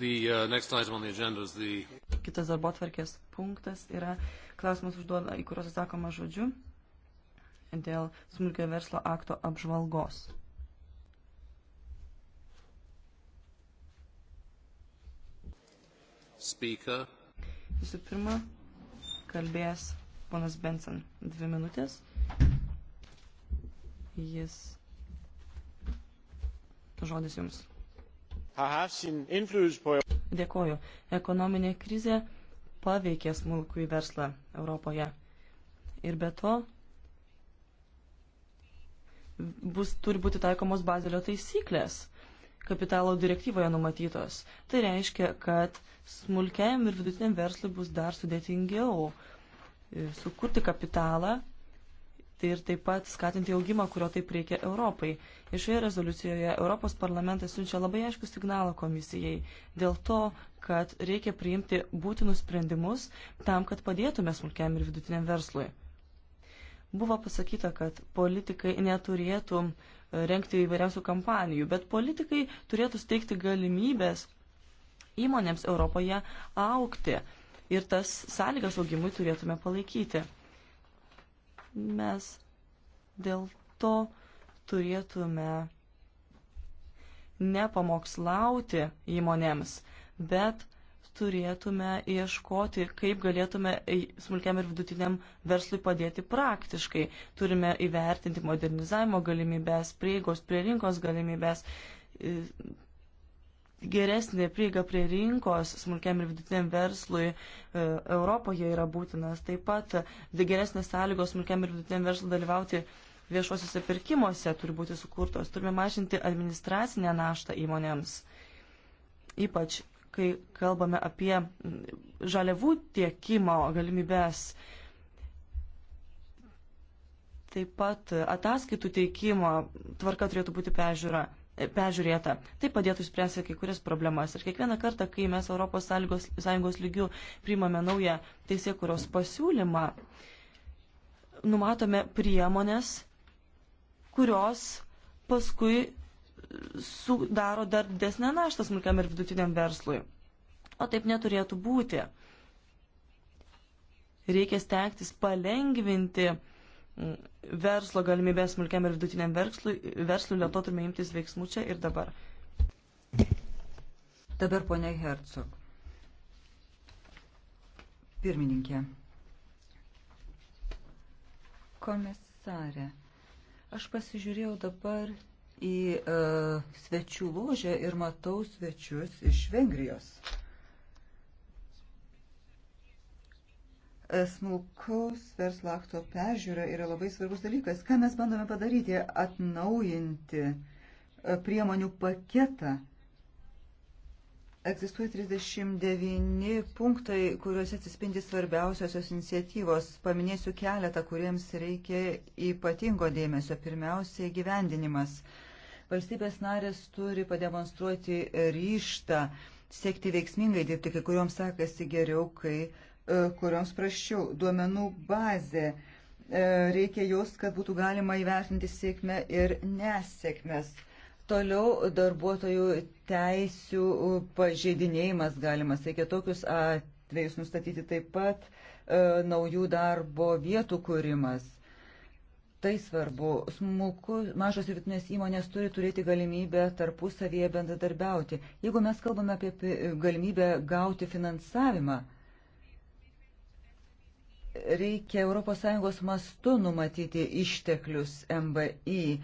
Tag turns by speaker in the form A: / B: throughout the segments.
A: The, uh, the...
B: Kitas darbo tvarkės punktas yra klausimas užduoda, į kuriuos atsakoma žodžiu dėl smulkio verslo akto apžvalgos. Speaker. Visų pirma, kalbės ponas Benson dvi minutės. Jis. Žodis jums. Dėkoju. Ekonominė krizė paveikė smulkų į verslą Europoje. Ir be to bus, turi būti taikomos bazelio taisyklės kapitalo direktyvoje numatytos. Tai reiškia, kad smulkiajam ir vidutiniam verslui bus dar sudėtingiau e, sukurti kapitalą Tai ir taip pat skatinti augimą, kurio taip reikia Europai. Ir šioje rezoliucijoje Europos parlamentas siunčia labai aišku signalą komisijai dėl to, kad reikia priimti būtinus sprendimus tam, kad padėtume smulkiam ir vidutiniam verslui. Buvo pasakyta, kad politikai neturėtų e, renkti įvairiausių kampanijų, bet politikai turėtų steigti galimybės įmonėms Europoje aukti ir tas sąlygas augimui turėtume palaikyti mes dėl to turėtume nepamokslauti įmonėms, bet turėtume ieškoti, kaip galėtume smulkiam ir vidutiniam verslui padėti praktiškai. Turime įvertinti modernizavimo galimybės, prieigos prie rinkos galimybės, geresnė prieiga prie rinkos smulkiam ir vidutiniam verslui e, Europoje yra būtinas. Taip pat e, geresnės sąlygos smulkiam ir vidutiniam verslui dalyvauti viešuosiuose pirkimuose turi būti sukurtos. Turime mažinti administracinę naštą įmonėms. Ypač, kai kalbame apie žaliavų tiekimo galimybės. Taip pat ataskaitų teikimo tvarka turėtų būti pežiūra peržiūrėta. Tai padėtų spręsti kai kurias problemas. Ir kiekvieną kartą, kai mes ES lygių priimame naują teisėkuros pasiūlymą, numatome priemonės, kurios paskui sudaro dar desnę naštą smulkiam ir vidutiniam verslui. O taip neturėtų būti. Reikia stengtis palengvinti verslo galimybės smulkiam ir vidutiniam verslui, verslui dėl to turime imtis veiksmų čia ir dabar. Dabar ponia Hercog.
C: Pirmininkė. Komisarė. Aš pasižiūrėjau dabar į uh, svečių ložę ir matau svečius iš Vengrijos. Uh, smulkaus verslo akto peržiūra yra labai svarbus dalykas. Ką mes bandome padaryti? Atnaujinti e, priemonių paketą. Egzistuoja 39 punktai, kuriuose atsispindi svarbiausiosios iniciatyvos. Paminėsiu keletą, kuriems reikia ypatingo dėmesio. Pirmiausia, gyvendinimas. Valstybės narės turi pademonstruoti ryštą, siekti veiksmingai dirbti, kai kuriuoms sakasi geriau, kai uh, E, kurioms praščiau. Duomenų bazė. E, reikia jos, kad būtų galima įvertinti sėkmę ir nesėkmės. Toliau darbuotojų teisių pažeidinėjimas galimas. Reikia tokius atvejus nustatyti taip pat e, naujų darbo vietų kūrimas. Tai svarbu. Smulku, mažos ir vidutinės įmonės turi turėti galimybę tarpusavyje bendradarbiauti. Jeigu mes kalbame apie galimybę gauti finansavimą, reikia ES mastu numatyti išteklius MBI,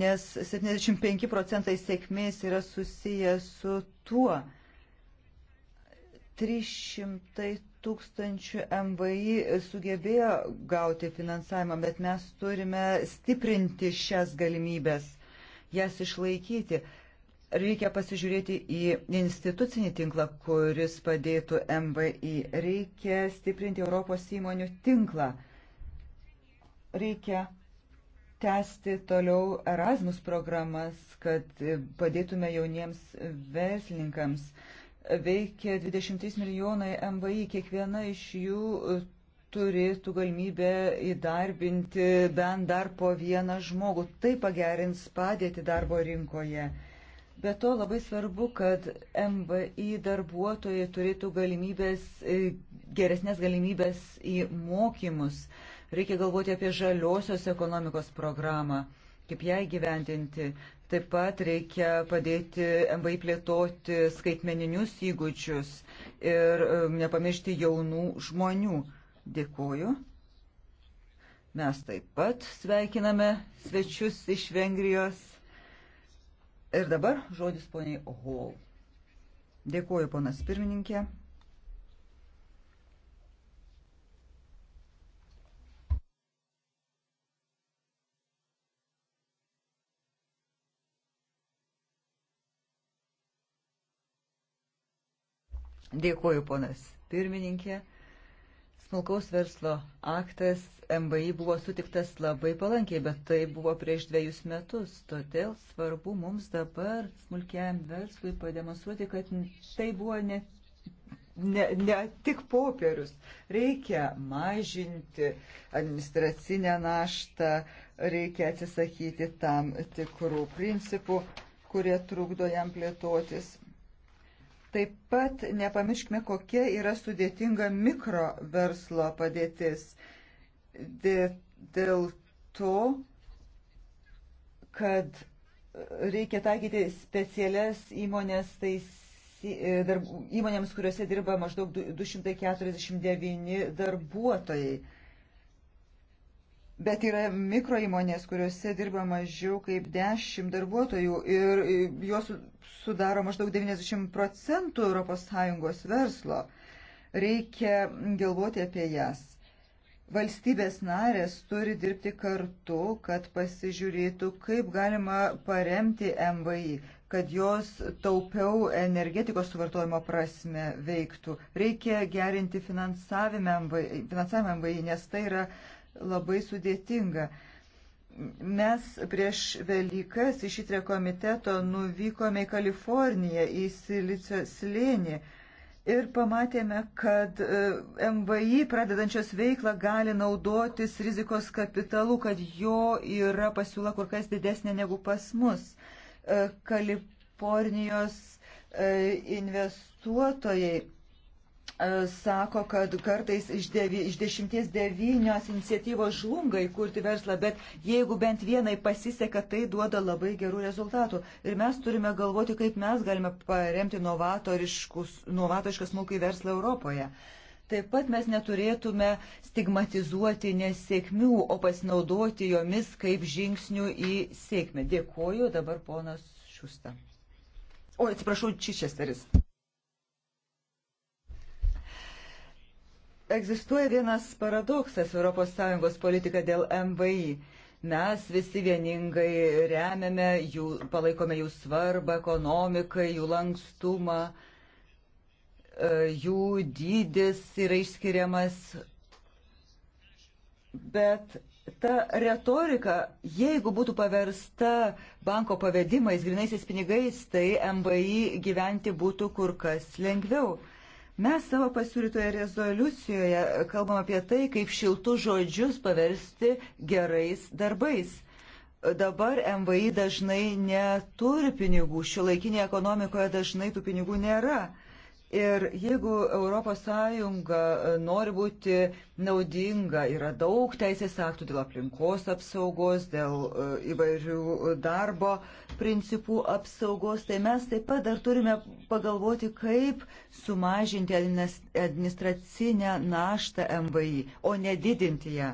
C: nes 75 procentai sėkmės yra susijęs su tuo. 300 tūkstančių MVI sugebėjo gauti finansavimą, bet mes turime stiprinti šias galimybės, jas išlaikyti. Reikia pasižiūrėti į institucinį tinklą, kuris padėtų MVI. Reikia stiprinti Europos įmonių tinklą. Reikia tęsti toliau Erasmus programas, kad padėtume jauniems verslininkams. Veikia 23 milijonai MVI, kiekviena iš jų turėtų galimybę įdarbinti bent dar po vieną žmogų. Tai pagerins padėti darbo rinkoje. Be to labai svarbu, kad MVI darbuotojai turėtų galimybės, e, geresnės galimybės į mokymus. Reikia galvoti apie žaliosios ekonomikos programą, kaip ją įgyvendinti. Taip pat reikia padėti MVI plėtoti skaitmeninius įgūdžius ir e, nepamiršti jaunų žmonių. Dėkuoju. Mes taip pat sveikiname svečius iš Vengrijos. Ir dabar žodis poniai Hall. Dėkuoju, ponas pirmininkė. Dėkuoju, ponas pirmininkė. Smulkaus verslo aktas MBI buvo sutiktas labai palankiai, bet tai buvo prieš dviejus metus. Todėl svarbu mums dabar smulkiam verslui pademonstruoti, kad tai buvo ne, ne, ne tik popierius. Reikia mažinti administracinę naštą, reikia atsisakyti tam tikrų principų, kurie trukdo jam plėtotis. Taip pat nepamirškime, kokia yra sudėtinga mikro verslo padėtis. Dėl to, kad reikia taikyti specialias įmonės taisyklės e, įmonėms, kuriuose dirba maždaug 249 darbuotojai. Bet yra mikro įmonės, kuriuose dirba mažiau kaip 10 darbuotojų ir jos sudaro maždaug 90 procentų ES verslo. Reikia galvoti apie jas. Valstybės narės turi dirbti kartu, kad pasižiūrėtų, kaip galima paremti MVI, kad jos taupiau energetikos suvartojimo prasme veiktų. Reikia gerinti finansavimą MVI, finansavimą MVI nes tai yra uh, labai sudėtinga. Mes prieš Velykas iš įtrio komiteto nuvykome į Kaliforniją, į Silicio slėnį ir pamatėme, kad e, MVI pradedančios veiklą gali naudotis rizikos kapitalu, kad jo yra pasiūla kur kas didesnė negu pas mus. E, Kalifornijos e, investuotojai E, sako, kad kartais iš, devi, iš dešimties devynios iniciatyvos žlunga įkurti verslą, bet jeigu bent vienai pasiseka, tai duoda labai gerų rezultatų. Ir mes turime galvoti, kaip mes galime paremti novatorišką smulkį verslą Europoje. Taip pat mes neturėtume stigmatizuoti nesėkmių, o pasinaudoti jomis kaip žingsnių į sėkmę. Dėkuoju dabar ponas Šusta. O, atsiprašau, Čičesteris. egzistuoja vienas paradoksas ES politika dėl MVI. Mes visi vieningai remiame, jų, palaikome jų svarbą ekonomikai, jų lankstumą, e, jų dydis yra išskiriamas. Bet ta retorika, jeigu būtų paversta banko pavedimais, grinaisiais pinigais, tai MVI gyventi būtų kur kas lengviau. Mes savo pasiūlytoje rezoliucijoje kalbam apie tai, kaip šiltus žodžius paversti gerais darbais. Dabar MVI dažnai neturi pinigų, šio laikinėje ekonomikoje dažnai tų pinigų nėra. Ir jeigu ES e, nori būti naudinga, yra daug teisės aktų dėl aplinkos apsaugos, dėl e, įvairių darbo principų apsaugos, tai mes taip pat dar turime pagalvoti, kaip sumažinti administracinę naštą MVI, o nedidinti ją.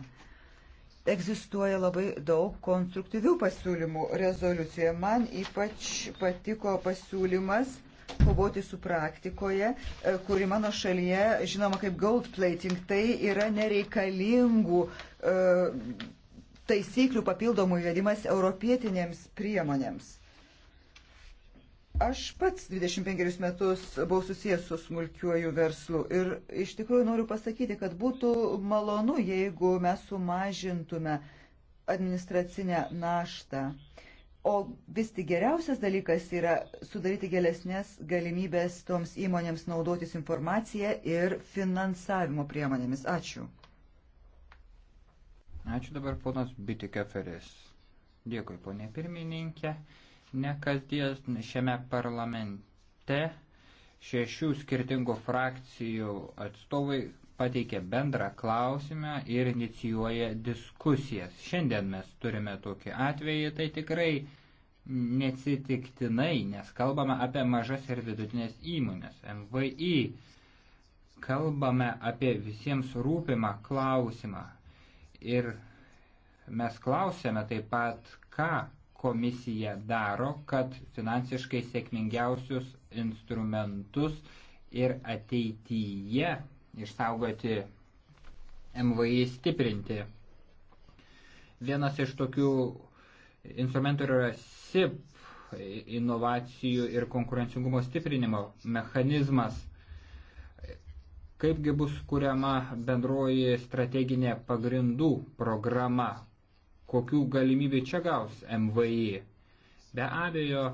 C: Egzistuoja labai daug konstruktyvių pasiūlymų rezoliucijoje. Man ypač patiko pasiūlymas kovoti su praktikoje, e, kuri mano šalyje žinoma kaip gold plating, tai yra nereikalingų e, taisyklių papildomų įvedimas europietinėms priemonėms. Aš pats 25 metus buvau susijęs su smulkiuoju verslu ir iš tikrųjų noriu pasakyti, kad būtų malonu, jeigu mes sumažintume administracinę naštą. Uh, O vis tik geriausias dalykas yra sudaryti gelesnės galimybės toms įmonėms naudotis informaciją ir finansavimo priemonėmis. Ačiū.
D: Ačiū dabar ponas Bitikeferis. Dėkui, ponė pirmininkė. Ne kasdien šiame parlamente šešių skirtingų frakcijų atstovai pateikia bendrą klausimą ir inicijuoja diskusijas. Šiandien mes turime tokį atvejį, tai tikrai neatsitiktinai, nes kalbame apie mažas ir vidutinės įmonės, MVI, kalbame apie visiems rūpimą klausimą. Ir mes klausėme taip pat, ką komisija daro, kad finansiškai sėkmingiausius instrumentus ir ateityje išsaugoti MVI stiprinti. Vienas iš tokių instrumentų yra SIP, inovacijų ir konkurencingumo stiprinimo mechanizmas. Kaipgi bus kuriama bendroji strateginė pagrindų programa, kokių galimybių čia gaus MVI. Be abejo,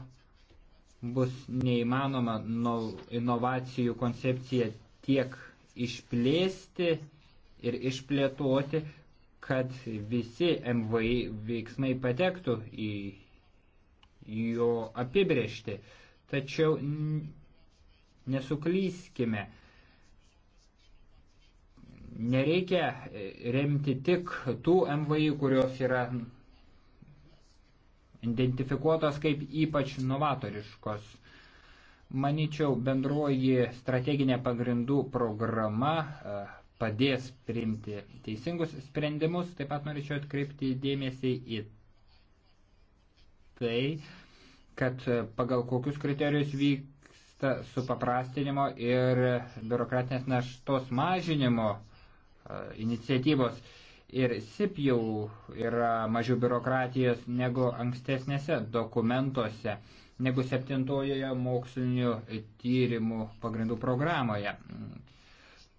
D: bus neįmanoma inovacijų koncepcija tiek išplėsti ir išplėtoti, kad visi MVI veiksmai patektų į jo apibrėžti. Tačiau nesuklyskime, nereikia remti tik tų MVI, kurios yra identifikuotos kaip ypač novatoriškos. Maničiau, bendroji strateginė pagrindų programa e, padės priimti teisingus sprendimus. Taip pat norėčiau atkreipti dėmesį į tai, kad pagal kokius kriterijus vyksta supaprastinimo ir biurokratinės naštos mažinimo e, iniciatyvos. Ir SIP jau yra mažiau biurokratijos negu ankstesnėse dokumentuose negu septintojoje mokslinio tyrimų pagrindų programoje.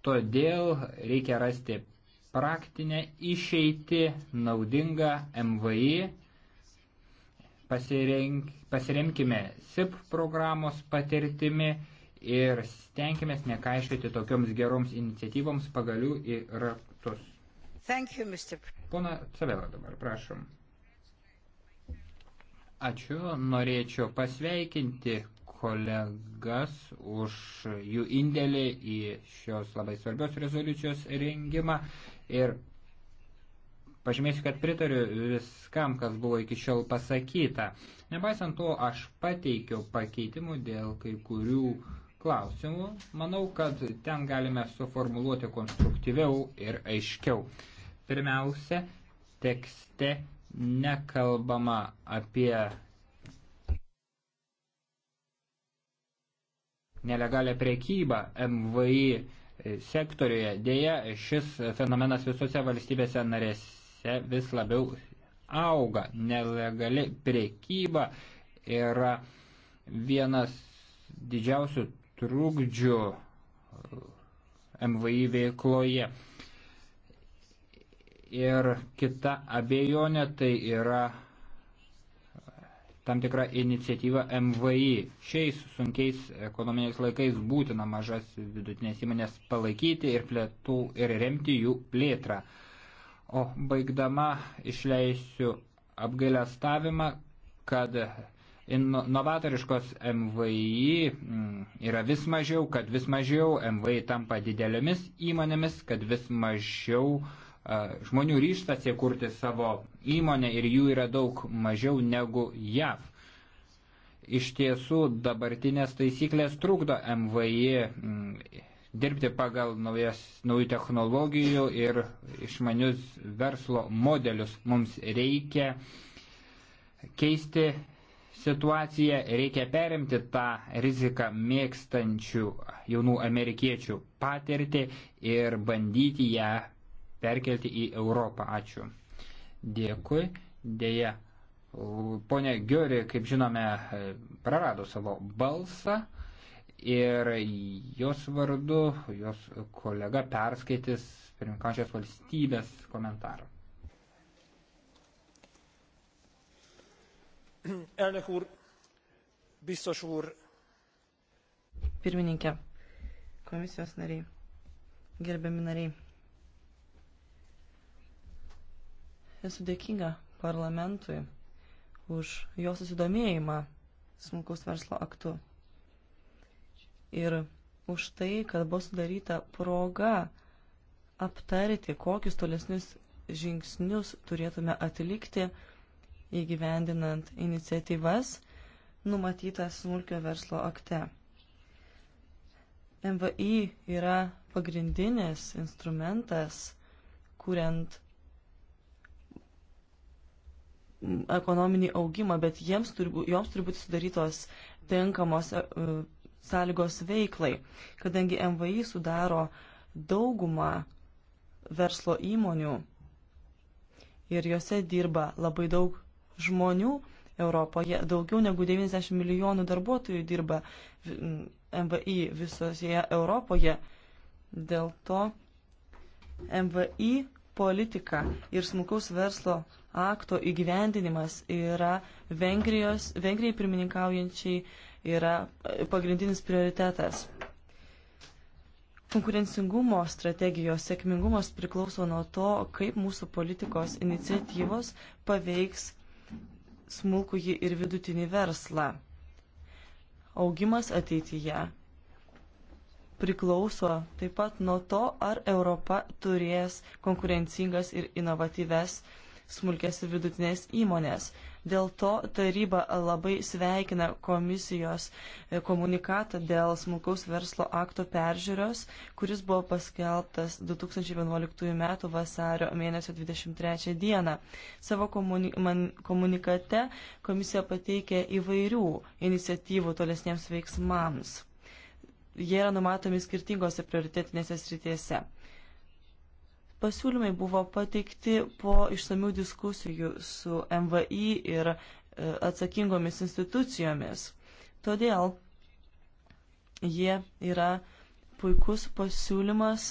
D: Todėl reikia rasti praktinę išeitį naudingą MVI. Pasirenk, pasiremkime SIP programos patirtimi ir stenkimės nekaišyti tokioms geroms iniciatyvoms pagalių į ratus. Thank you, Mr. Pona Cavela dabar, prašom. Ačiū, norėčiau pasveikinti kolegas už jų indėlį į šios labai svarbios rezoliucijos rengimą ir pažymėsiu, kad pritariu viskam, kas buvo iki šiol pasakyta. Nepaisant to, aš pateikiau pakeitimų dėl kai kurių klausimų. Manau, kad ten galime suformuluoti konstruktyviau ir aiškiau. Pirmiausia, tekste nekalbama apie nelegalią prekybą MVI sektoriuje. Deja, šis fenomenas visose valstybėse narėse vis labiau auga. Nelegali prekyba yra vienas didžiausių trūkdžių MVI veikloje. Ir kita abejonė tai yra tam tikra iniciatyva MVI. Šiais sunkiais ekonominiais laikais būtina mažas vidutinės įmonės palaikyti ir, plėtų, ir remti jų plėtrą. O baigdama išleisiu apgailę stavimą, kad novatoriškos MVI mm, yra vis mažiau, kad vis mažiau MVI tampa didelėmis įmonėmis, kad vis mažiau uh, E, žmonių ryštasi kurti savo įmonę ir jų yra daug mažiau negu JAV. Iš tiesų dabartinės taisyklės trukdo MVI mm, dirbti pagal naujas, naujų technologijų ir išmanius verslo modelius. Mums reikia keisti situaciją, reikia perimti tą riziką mėgstančių jaunų amerikiečių patirtį ir bandyti ją perkelti į Europą. Ačiū. Dėkui. Deja, ponė Giori, kaip žinome, prarado savo balsą ir jos vardu, jos kolega perskaitys pirmininkančios valstybės komentarą. Elnök úr, biztos úr.
B: Pirmininkė, komisijos nariai, gerbiami nariai. Esu dėkinga parlamentui už jo susidomėjimą smulkaus verslo aktu. Ir už tai, kad buvo sudaryta proga aptarti, kokius tolesnius žingsnius turėtume atlikti įgyvendinant iniciatyvas numatytas smulkio verslo akte. MVI yra pagrindinis instrumentas, kuriant ekonominį augimą, bet jiems turi, joms turi būti sudarytos tinkamos e, e, sąlygos veiklai, kadangi MVI sudaro daugumą verslo įmonių ir juose dirba labai daug žmonių Europoje, daugiau negu 90 milijonų darbuotojų dirba MVI visoje Europoje. Dėl to MVI politika ir smulkaus verslo akto įgyvendinimas yra Vengrijos, Vengrijai pirmininkaujančiai yra e, pagrindinis prioritetas. Konkurencingumo strategijos sėkmingumas priklauso nuo to, kaip mūsų politikos iniciatyvos paveiks smulkųjį ir vidutinį verslą. Augimas ateityje priklauso taip pat nuo to, ar Europa turės konkurencingas ir inovatyves uh, smulkės ir vidutinės įmonės. Dėl to taryba labai sveikina komisijos e, komunikatą dėl smulkaus verslo akto peržiūros, kuris buvo paskelbtas 2011 m. vasario mėnesio 23 d. Savo komuni man, komunikate komisija pateikė įvairių iniciatyvų tolesniems veiksmams. Jie yra numatomi skirtingose prioritetinėse srityse. Pasiūlymai buvo pateikti po išsamių diskusijų su MVI ir e, atsakingomis institucijomis. Todėl jie yra puikus pasiūlymas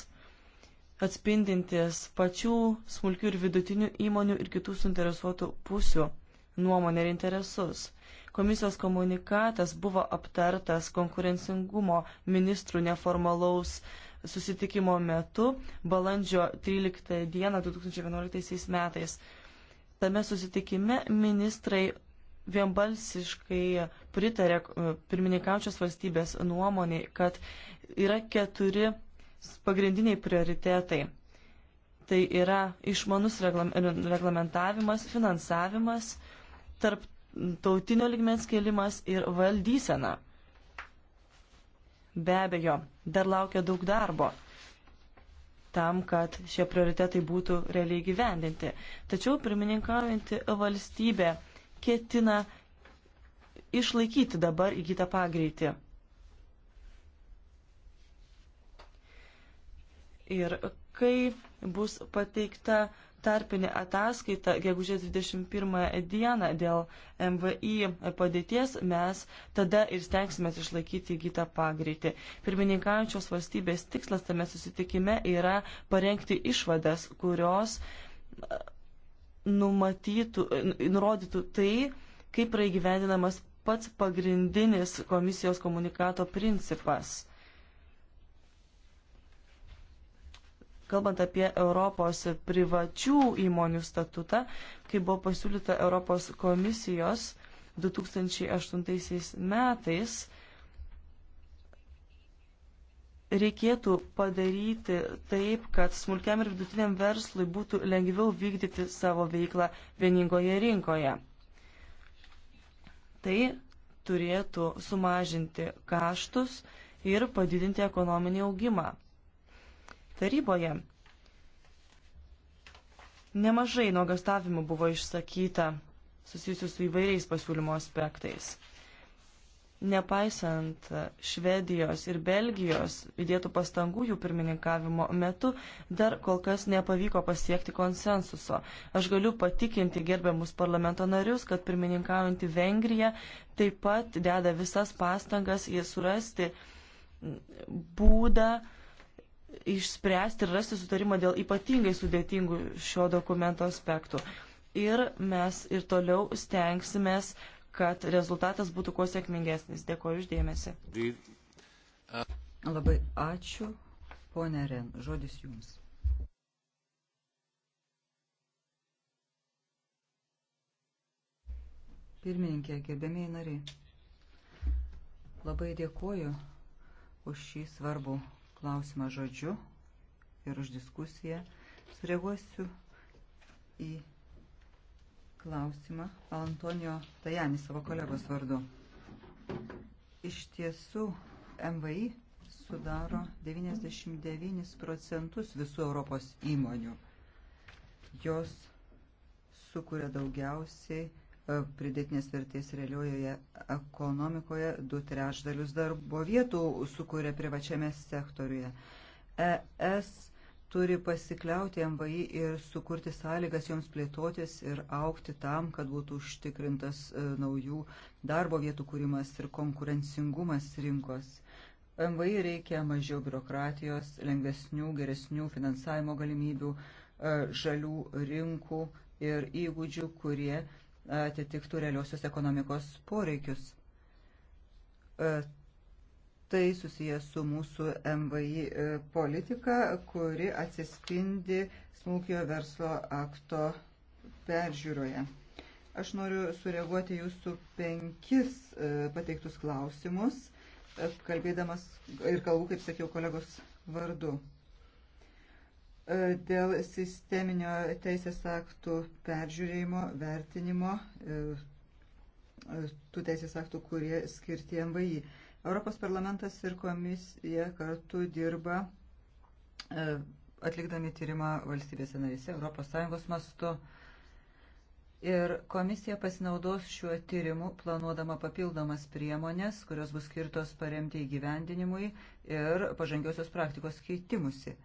B: atspindintis pačių smulkių ir vidutinių įmonių ir kitų suinteresuotų pusių nuomonę ir interesus. Komisijos komunikatas buvo aptartas konkurencingumo ministrų neformalaus uh, susitikimo metu balandžio 13 dieną 2011 metais. Tame susitikime ministrai vienbalsiškai pritarė e, pirmininkaučios valstybės nuomonė, kad yra keturi pagrindiniai prioritetai. Tai yra išmanus reglamentavimas, finansavimas, tarptautinio ligmens kėlimas ir valdysena. Be abejo, dar laukia daug darbo tam, kad šie prioritetai būtų realiai gyvendinti. Tačiau pirmininkaujanti valstybė ketina išlaikyti dabar įgytą pagreitį. Ir kai bus pateikta tarpinė ataskaita gegužės 21 dieną dėl MVI padėties mes tada ir stengsime išlaikyti įgytą pagreitį. Pirmininkaujančios valstybės tikslas tame susitikime yra parengti išvadas, kurios e, numatytų, e, nurodytų tai, kaip yra įgyvendinamas pats pagrindinis komisijos komunikato principas Kalbant apie Europos privačių įmonių statutą, kai buvo pasiūlyta Europos komisijos 2008 metais, reikėtų padaryti taip, kad smulkiam ir vidutiniam verslui būtų lengviau vykdyti savo veiklą vieningoje rinkoje. Tai turėtų sumažinti kaštus ir padidinti ekonominį augimą. Taryboje nemažai nuogastavimų buvo išsakyta susijusių su įvairiais pasiūlymo aspektais. Nepaisant Švedijos ir Belgijos įdėtų pastangų jų pirmininkavimo metu, dar kol kas nepavyko pasiekti konsensuso. Aš galiu patikinti gerbiamus parlamento narius, kad pirmininkaujantį Vengriją taip pat deda visas pastangas į surasti būdą, išspręsti ir rasti sutarimą dėl ypatingai sudėtingų šio dokumento aspektų. Ir mes ir toliau stengsimės, kad rezultatas būtų kuo sėkmingesnis. Dėkuoju uždėmesi. Labai ačiū, ponė Ren.
C: Žodis jums. Pirmininkė, gerbėmiai nariai, labai dėkuoju už šį svarbų klausimą žodžiu ir už diskusiją. Sureaguosiu į klausimą Antonio Tajani savo kolegos vardu. Iš tiesų, MVI sudaro 99 procentus visų Europos įmonių. Jos sukuria daugiausiai pridėtinės vertės realiojoje ekonomikoje du trečdalius darbo vietų sukūrė privačiame sektoriuje. ES turi pasikliauti MVI ir sukurti sąlygas joms plėtotis ir aukti tam, kad būtų užtikrintas e, naujų darbo vietų kūrimas ir konkurencingumas rinkos. MVI reikia mažiau biurokratijos, lengvesnių, geresnių finansavimo galimybių, e, žalių rinkų ir įgūdžių, kurie atitiktų realiosios ekonomikos poreikius. E, tai susijęs su mūsų MVI e, politika, kuri atsispindi smulkio verslo akto peržiūroje. Aš noriu sureaguoti jūsų penkis e, pateiktus klausimus, kalbėdamas ir kalbu, kaip sakiau, kolegos vardu dėl sisteminio teisės aktų peržiūrėjimo, vertinimo, e, e, tų teisės aktų, kurie skirti MVI. Europos parlamentas ir komisija kartu dirba e, atlikdami tyrimą valstybėse narėse ES mastu. Ir komisija pasinaudos šiuo tyrimu, planuodama papildomas priemonės, kurios bus skirtos paremti įgyvendinimui ir pažangiosios praktikos keitimusi.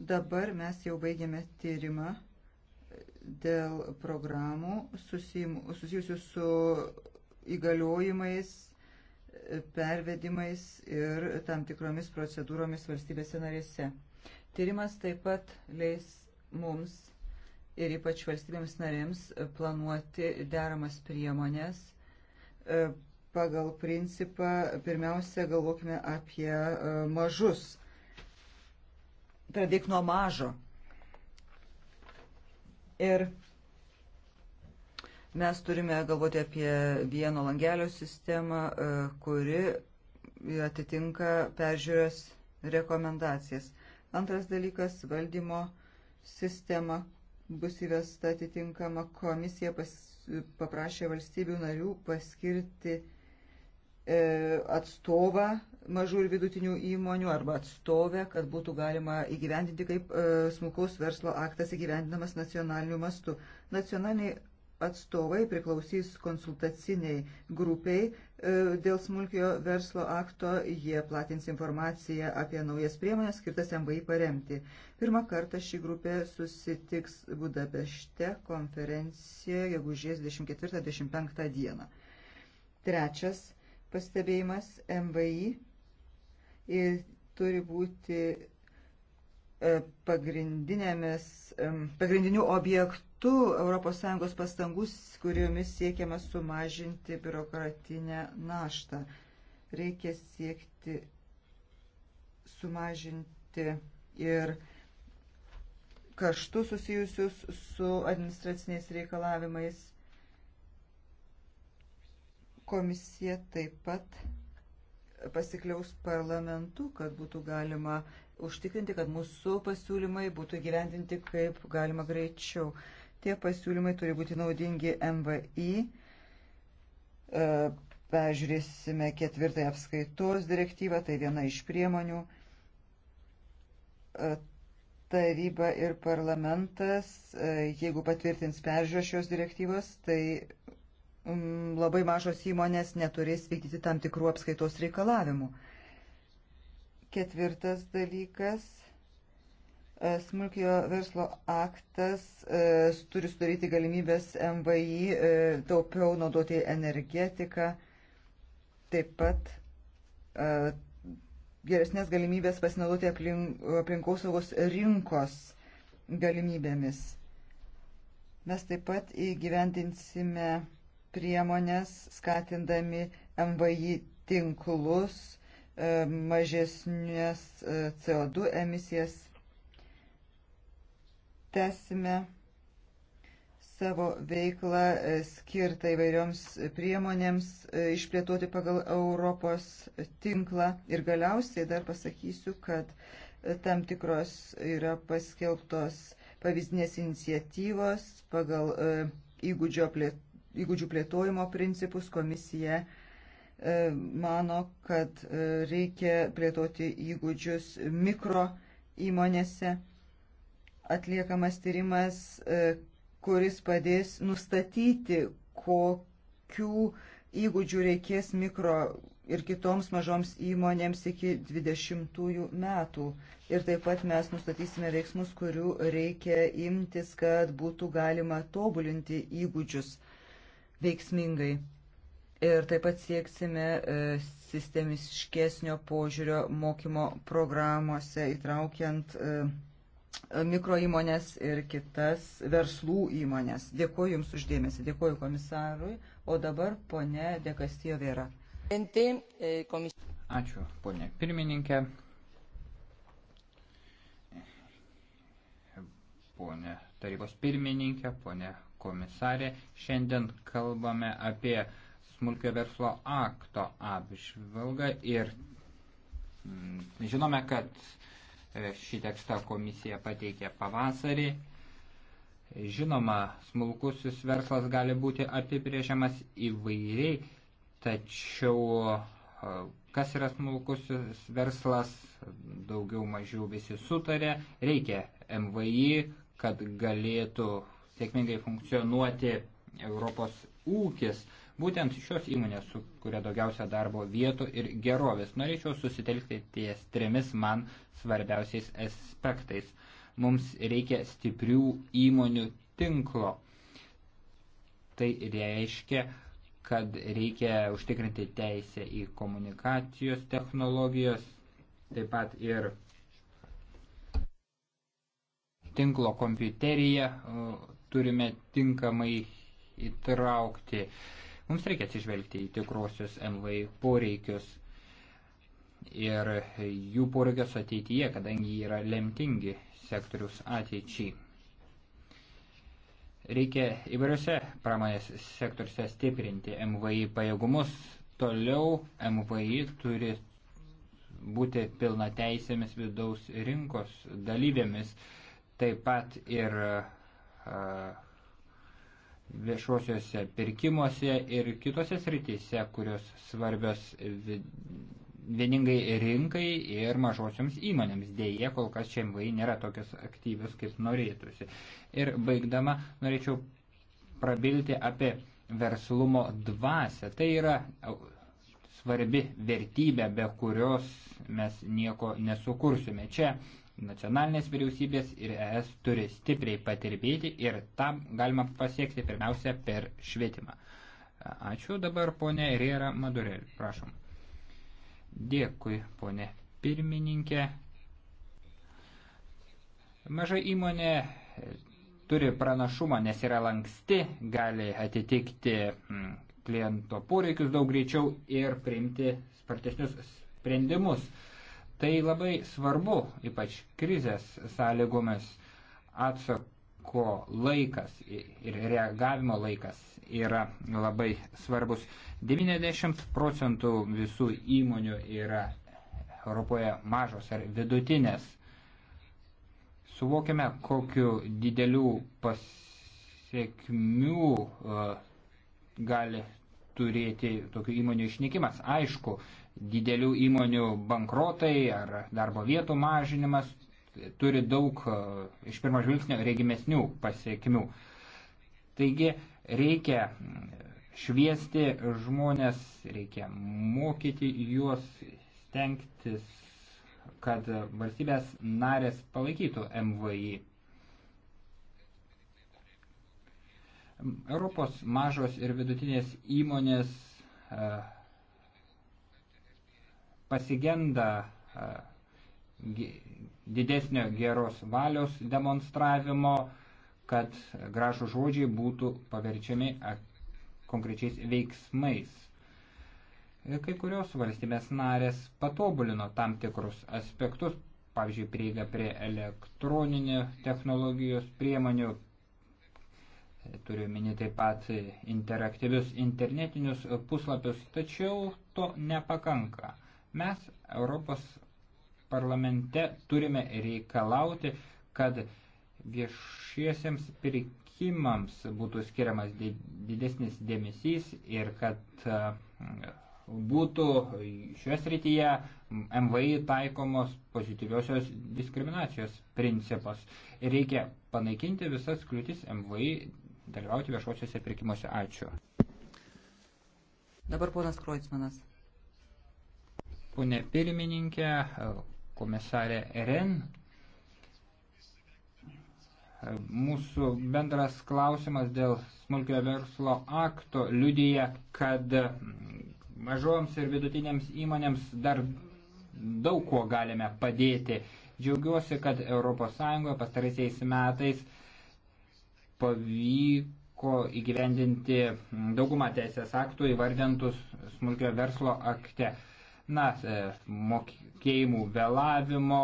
C: Dabar mes jau baigėme tyrimą dėl programų susijusių su įgaliojimais, pervedimais ir tam tikromis procedūromis valstybėse narėse. Tyrimas taip pat leis mums ir ypač valstybėms narėms planuoti deramas priemonės e, pagal principą pirmiausia galvokime apie e, mažus pradėk nuo mažo. Ir mes turime galvoti apie vieno langelio sistemą, e, kuri atitinka peržiūrės rekomendacijas. Antras dalykas - valdymo sistema bus įvesta atitinkama komisija pas, paprašė valstybių narių paskirti E, atstovą mažų ir vidutinių įmonių arba atstovę, kad būtų galima įgyvendinti kaip e, smulkaus verslo aktas įgyvendinamas nacionaliniu mastu. Nacionaliniai atstovai priklausys konsultaciniai grupiai e, dėl smulkio verslo akto, jie platins informaciją apie naujas priemonės skirtas MVI paremti. Pirmą kartą ši grupė susitiks Budapešte konferencijoje gegužės 24-25 dieną. Trečias pastebėjimas MVI ir turi būti e, e, pagrindiniu objektu ES pastangų, kuriomis siekiama sumažinti biurokratinę naštą. Reikia siekti sumažinti ir kaštų susijusius su administraciniais reikalavimais Komisija taip pat pasikliaus parlamentu, kad būtų galima užtikrinti, kad mūsų pasiūlymai būtų gyvendinti kaip galima greičiau. Tie pasiūlymai turi būti naudingi MVI. E, Peržiūrėsime ketvirtąją apskaitos direktyvą, tai viena iš priemonių. E, Taryba ir parlamentas, e, jeigu patvirtins peržiūrą šios direktyvos, tai labai mažos įmonės neturės vykdyti tam tikrų apskaitos reikalavimų. Ketvirtas dalykas e, - smulkio verslo aktas e, turi sudaryti galimybės MVI e, taupiau naudoti energetiką, taip pat geresnės galimybės pasinaudoti aplinkosaugos rinkos galimybėmis. Mes taip pat įgyvendinsime priemonės, skatindami MVI tinklus, e, mažesnės e, CO2 emisijas. Tęsime savo veiklą e, skirtą įvairioms priemonėms išplėtoti pagal Europos tinklą. Ir galiausiai dar pasakysiu, kad tam tikros yra paskelbtos pavyzdinės iniciatyvos pagal įgūdžio plėtotą įgūdžių plėtojimo principus. Komisija e, mano, kad e, reikia plėtoti įgūdžius mikro įmonėse. Atliekamas tyrimas, e, kuris padės nustatyti, kokių įgūdžių reikės mikro ir kitoms mažoms įmonėms iki 20 metų. Ir taip pat mes nustatysime veiksmus, kurių reikia imtis, kad būtų galima tobulinti įgūdžius veiksmingai. Ir taip pat sieksime e, sistemiškesnio požiūrio mokymo programuose, įtraukiant e, mikroįmonės ir kitas verslų įmonės. Dėkuoju Jums uždėmesi, dėkuoju komisarui, o dabar ponė Dekastijo Vėra.
B: Eh,
D: Ačiū, ponė pirmininkė. Ponė tarybos pirmininkė, ponė komisarė. Šiandien kalbame apie smulkio verslo akto apžvalgą ir mm, žinome, kad e, šį tekstą komisija pateikė pavasarį. Žinoma, smulkusis verslas gali būti apibrėžiamas įvairiai, tačiau e, kas yra smulkusis verslas, daugiau mažiau visi sutarė, reikia MVI, kad galėtų sėkmingai funkcionuoti Europos ūkis. Būtent šios įmonės sukuria daugiausia darbo vietų ir gerovės. Norėčiau susitelkti ties trimis man svarbiausiais aspektais. Mums reikia stiprių įmonių tinklo. Tai reiškia, kad reikia užtikrinti teisę į komunikacijos technologijos, taip pat ir tinklo kompiuterija, turime tinkamai įtraukti. Mums reikia atsižvelgti į tikrosius MVI poreikius ir jų poreikius ateityje, kadangi jie yra lemtingi sektorius ateičiai. Reikia įvairiose pramonės sektoriuose stiprinti MVI pajėgumus. Toliau MVI turi būti pilnateisėmis vidaus rinkos dalyvėmis. Taip pat ir viešuosiuose pirkimuose ir kitose srityse, kurios svarbios vieningai rinkai ir mažosioms įmonėms. Dėje kol kas čia MVI nėra tokios aktyvios, kaip norėtųsi. Ir baigdama norėčiau prabilti apie verslumo dvasę. Tai yra svarbi vertybė, be kurios mes nieko nesukursime. Čia nacionalinės vyriausybės ir ES turi stipriai patirbėti ir tam galima pasiekti pirmiausia per švietimą. Ačiū dabar ponė Riera Madurel, prašom. Dėkui, ponė pirmininkė. Maža įmonė turi pranašumą, nes yra lanksti, gali atitikti mm, kliento poreikius daug greičiau ir priimti spartesnius sprendimus. Tai labai svarbu, ypač krizės sąlygomis atsako laikas ir reagavimo laikas yra labai svarbus. 90 procentų visų įmonių yra Europoje mažos ar vidutinės. Suvokime, kokiu didelių pasiekmių uh, e, gali turėti tokių įmonių išnykimas. Aišku, uh, didelių įmonių bankrotai ar darbo vietų mažinimas turi daug e, iš pirmo žvilgsnio regimesnių pasiekmių. Taigi reikia šviesti žmonės, reikia mokyti juos, stengtis, kad valstybės narės palaikytų MVI. Europos mažos ir vidutinės įmonės uh, pasigenda didesnio geros valios demonstravimo, kad gražų žodžiai būtų paverčiami konkrečiais veiksmais. E, kai kurios valstybės narės patobulino tam tikrus aspektus, pavyzdžiui, prieiga prie elektroninio technologijos priemonių, e, turiu mini taip pat interaktyvius internetinius puslapius, tačiau to nepakanka. Mes Europos parlamente turime reikalauti, kad viešiesiems pirkimams būtų skiriamas didesnis dėmesys ir kad e, būtų šioje srityje MVI taikomos pozityviosios diskriminacijos principas. Reikia panaikinti visas kliūtis MVI dalyvauti viešuosiuose pirkimuose. Ačiū. Dabar ponas Kroicmanas. Pone pirmininkė, komisarė Ren, mūsų bendras klausimas dėl smulkio verslo akto liudyja, kad mažoms ir vidutinėms įmonėms dar daug kuo galime padėti. Džiaugiuosi, kad ES pastaraisiais metais pavyko įgyvendinti daugumą teisės aktų įvardintus smulkio verslo akte na, e, mokėjimų vėlavimo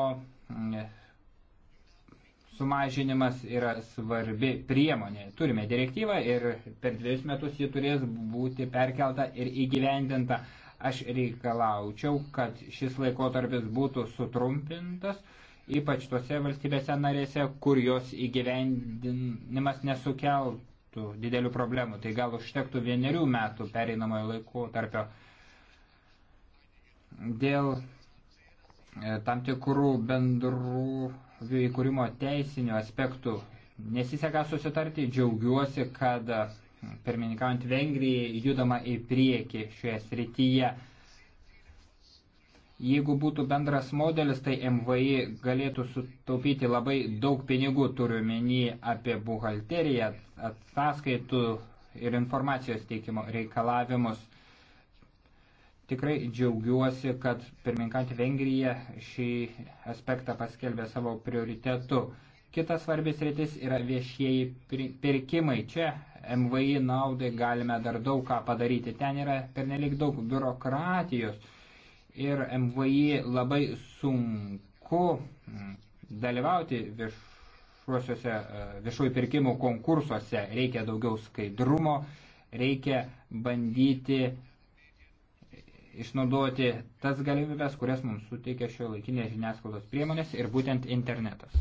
D: e, sumažinimas yra svarbi priemonė. Turime direktyvą ir per dviejus metus ji turės būti perkelta ir įgyvendinta. Aš reikalaučiau, kad šis laikotarpis būtų sutrumpintas, ypač tose valstybėse narėse, kur jos įgyvendinimas nesukeltų didelių problemų. Tai gal užtektų vienerių metų pereinamojo laikotarpio tarpio dėl e, tam tikrų bendrų įkūrimo teisinių aspektų nesiseka susitarti. Džiaugiuosi, kad e, pirmininkant Vengrijai judama į priekį šioje srityje. Jeigu būtų bendras modelis, tai MVI galėtų sutaupyti labai daug pinigų, turiu menį apie buhalteriją, ataskaitų ir informacijos teikimo reikalavimus. Tikrai džiaugiuosi, kad pirminkant Vengrija šį aspektą paskelbė savo prioritetu. Kitas svarbis rytis yra viešieji pirkimai. Čia MVI naudai galime dar daug ką padaryti. Ten yra pernelik daug biurokratijos ir MVI labai sunku mm, dalyvauti e, viešųjų pirkimų konkursuose. Reikia daugiau skaidrumo, reikia bandyti išnaudoti tas galimybės, kurias mums suteikia šio laikinės žiniasklaidos priemonės ir būtent internetas.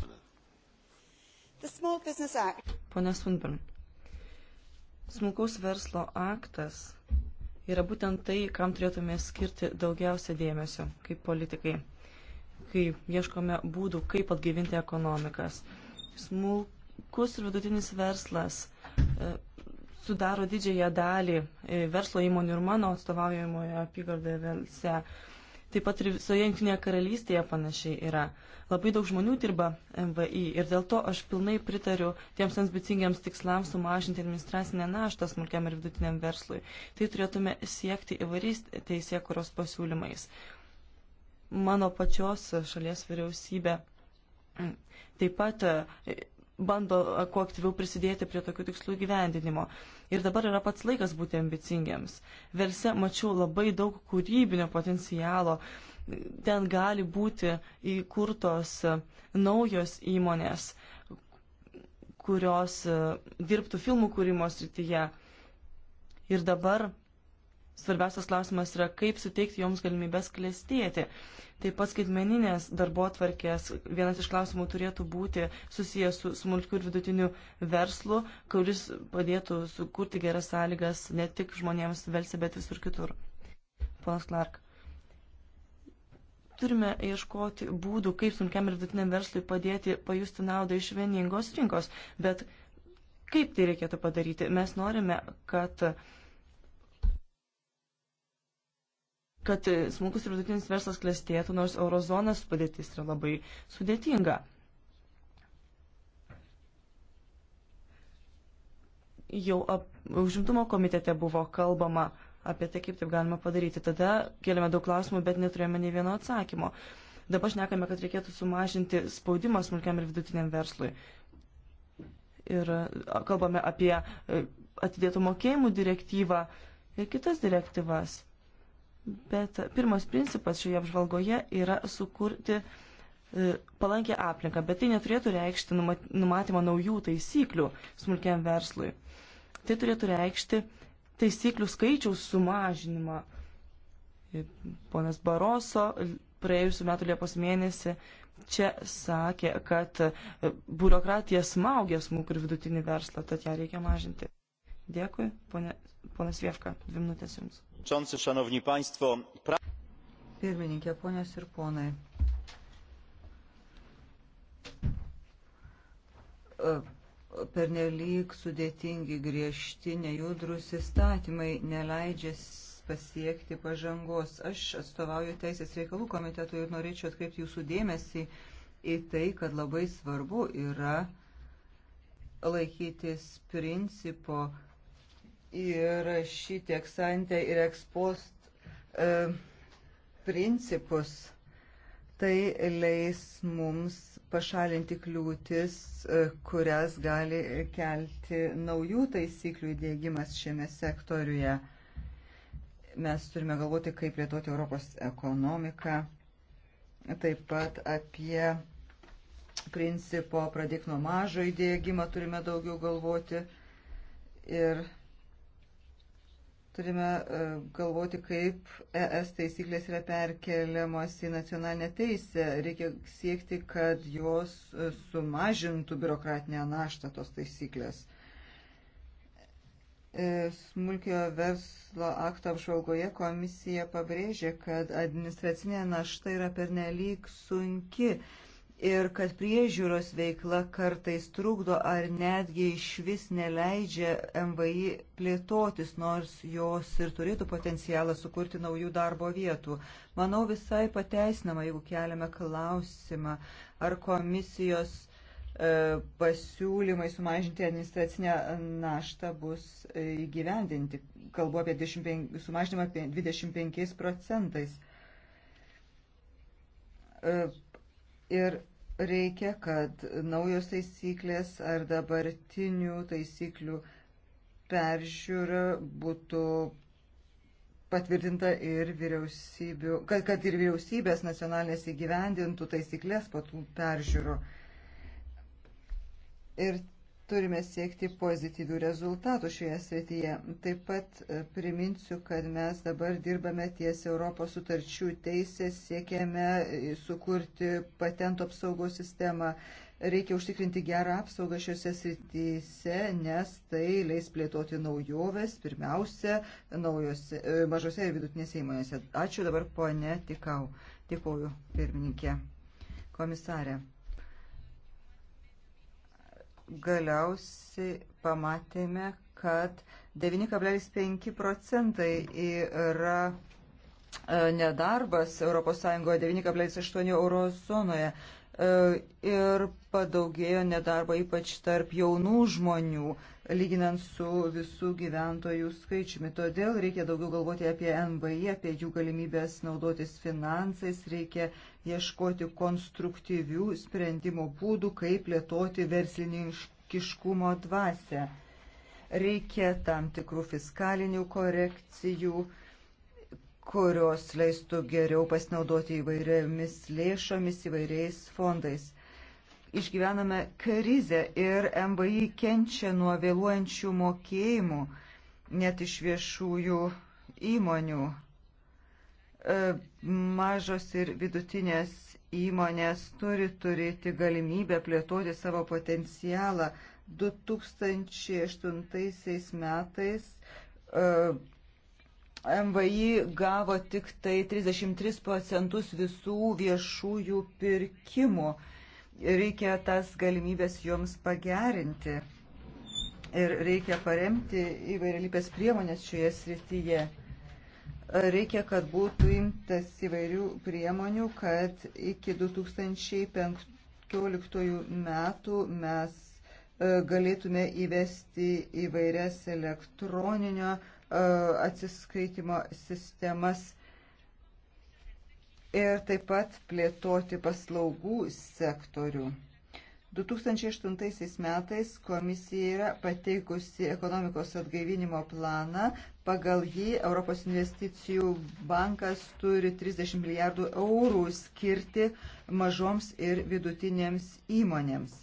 D: Pone Sunburn,
B: smulkaus verslo aktas yra būtent tai, kam turėtume skirti daugiausia dėmesio kaip politikai, kai ieškome būdų, kaip atgaivinti ekonomikas. Smulkus ir vidutinis verslas e, sudaro didžiąją dalį e, verslo įmonių ir mano atstovaujamoje apygardoje Velse. Taip pat ir visoje Junktinėje karalystėje panašiai yra. Labai daug žmonių dirba MVI ir dėl to aš pilnai pritariu tiems ambicingiams tikslams sumažinti administracinę naštą smulkiam ir vidutiniam verslui. Tai turėtume siekti įvairiais teisėkuros pasiūlymais. Mano pačios šalies vyriausybė taip pat e, bando kuo aktyviau prisidėti prie tokių tikslų gyvendinimo. Ir dabar yra pats laikas būti ambicingiams. Velse mačiau labai daug kūrybinio potencialo. Ten gali būti įkurtos naujos įmonės, kurios dirbtų filmų kūrimo srityje. Ir dabar svarbiausias klausimas yra, kaip suteikti joms galimybės klestėti. Taip pat skaitmeninės darbo atvarkės vienas iš klausimų turėtų būti susijęs su smulkiu ir vidutiniu verslu, kuris padėtų sukurti geras sąlygas ne tik žmonėms Velsė, bet visur kitur. Ponas Clark. Turime ieškoti būdų, kaip sunkiam ir vidutiniam verslui padėti pajusti naudą iš vieningos rinkos, bet kaip tai reikėtų padaryti? Mes norime, kad uh, kad e, smulkus ir vidutinis verslas klestėtų, nors eurozonas padėtis yra labai sudėtinga. Jau ap, užimtumo komitete buvo kalbama apie tai, kaip taip galima padaryti. Tada kėlėme daug klausimų, bet neturėjome nei vieno atsakymo. Dabar šnekame, kad reikėtų sumažinti spaudimą smulkiam ir vidutiniam verslui. Ir kalbame apie e, atidėtų mokėjimų direktyvą ir kitas direktyvas Bet pirmas principas šioje apžvalgoje yra sukurti e, palankę aplinką, bet tai neturėtų reikšti numatymą naujų taisyklių smulkiam verslui. Tai turėtų reikšti taisyklių skaičiaus sumažinimą. E, ponas Baroso praėjusiu metu Liepos mėnesį čia sakė, kad e, biurokratija smaugia smulkų ir vidutinį verslą, tad ją reikia mažinti. Dėkui, ponė, ponas Vievka, dvi minutės jums. Pirmininkė, ponios ir ponai.
C: E, pernelyg sudėtingi griežti nejudrus įstatymai neleidžia pasiekti pažangos. Aš atstovauju Teisės reikalų komitetui ir norėčiau atkreipti jūsų dėmesį į tai, kad labai svarbu yra laikytis principo, įrašyti eksantę ir ekspost e, principus. Tai leis mums pašalinti kliūtis, e, kurias gali kelti naujų taisyklių įdėgymas šiame sektoriuje. Mes turime galvoti, kaip plėtoti Europos ekonomiką, taip pat apie principo pradėk nuo mažo įdėgymą turime daugiau galvoti ir Turime e, galvoti, kaip ES taisyklės yra perkeliamos į nacionalinę teisę. Reikia siekti, kad jos e, sumažintų biurokratinę naštą tos taisyklės e, smulkio verslo akto apžvalgoje komisija pabrėžė, kad administracinė našta yra pernelyg sunki ir kad priežiūros veikla kartais trukdo ar netgi iš vis neleidžia MVI plėtotis, nors jos ir turėtų potencialą sukurti naujų darbo vietų. Manau visai pateisinama, jeigu keliame klausimą, ar komisijos e, pasiūlymai sumažinti administracinę naštą bus e, įgyvendinti. Kalbu apie 25, sumažinimą apie 25 procentais. E, Ir reikia, kad naujos taisyklės ar dabartinių taisyklių peržiūra būtų patvirtinta ir vyriausybių, kad, kad ir vyriausybės nacionalinės įgyvendintų taisyklės po tų peržiūrų. Ir Turime siekti pozityvių rezultatų šioje srityje. Taip pat e, priminsiu, kad mes dabar dirbame ties Europos sutarčių teisės, siekiame e, sukurti patento apsaugos sistemą. Reikia užtikrinti gerą apsaugą šiuose srityse, nes tai leis plėtoti naujoves, pirmiausia, naujose, e, mažose ir vidutinėse įmonėse. Ačiū dabar, ponė Tikau. Dėkuoju, pirmininkė. Komisarė galiausiai pamatėme, kad 9,5 procentai yra e, nedarbas ES 9,8 euro zonoje e, ir padaugėjo nedarbo ypač tarp jaunų žmonių, lyginant su visų gyventojų skaičiumi. Todėl reikia daugiau galvoti apie NBI, apie jų galimybės naudotis finansais, reikia ieškoti konstruktyvių sprendimo būdų, kaip lietoti verslininkiškumo dvasę. Reikia tam tikrų fiskalinių korekcijų, kurios leistų geriau pasinaudoti įvairiomis lėšomis, įvairiais fondais. Išgyvename krizę ir MBI kenčia nuo vėluojančių mokėjimų, net iš viešųjų įmonių E, mažos ir vidutinės įmonės turi turėti galimybę plėtoti savo potencialą. 2008 metais e, MVI gavo tik tai 33 procentus visų viešųjų pirkimų. Reikia tas galimybės joms pagerinti ir reikia paremti įvairialypės priemonės šioje srityje. Reikia, kad būtų imtas įvairių priemonių, kad iki 2015 metų mes e, galėtume įvesti įvairias elektroninio e, atsiskaitimo sistemas ir taip pat plėtoti paslaugų sektorių. 2008 metais komisija yra pateikusi ekonomikos atgaivinimo planą, Pagal jį Europos investicijų bankas turi 30 milijardų eurų skirti mažoms ir vidutinėms įmonėms.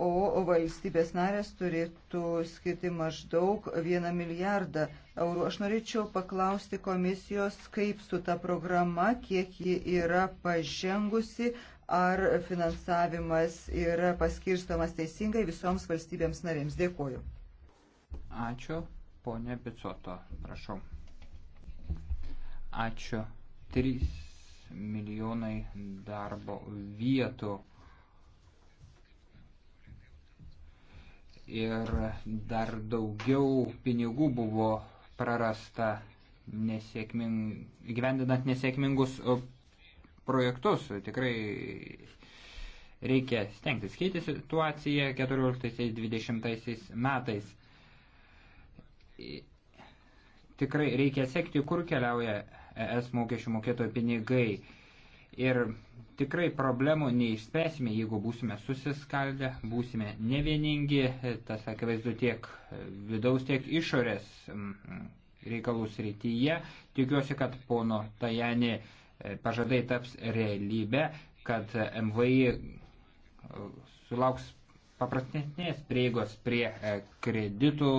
C: O valstybės narės turėtų skirti maždaug 1 milijardą eurų. Aš norėčiau paklausti komisijos, kaip su ta programa, kiek ji yra pažengusi, ar finansavimas yra paskirstomas teisingai visoms valstybėms narėms. Dėkuoju.
D: Ačiū. Pone Bicoto, prašau. Ačiū. 3 milijonai darbo vietų. Ir dar daugiau pinigų buvo prarasta nesėkming, gyvendinant nesėkmingus projektus. Tikrai reikia stengtis keiti situaciją 14-20 metais tikrai reikia sekti, kur keliauja ES mokesčių mokėtojų pinigai. Ir tikrai problemų neišspręsime, jeigu būsime susiskaldę, būsime nevieningi, tas akivaizdu tiek vidaus, tiek išorės mm, reikalų srityje. Tikiuosi, kad pono Tajani e, pažadai taps realybė, kad MVI e, sulauks paprastesnės prieigos prie e, kreditų,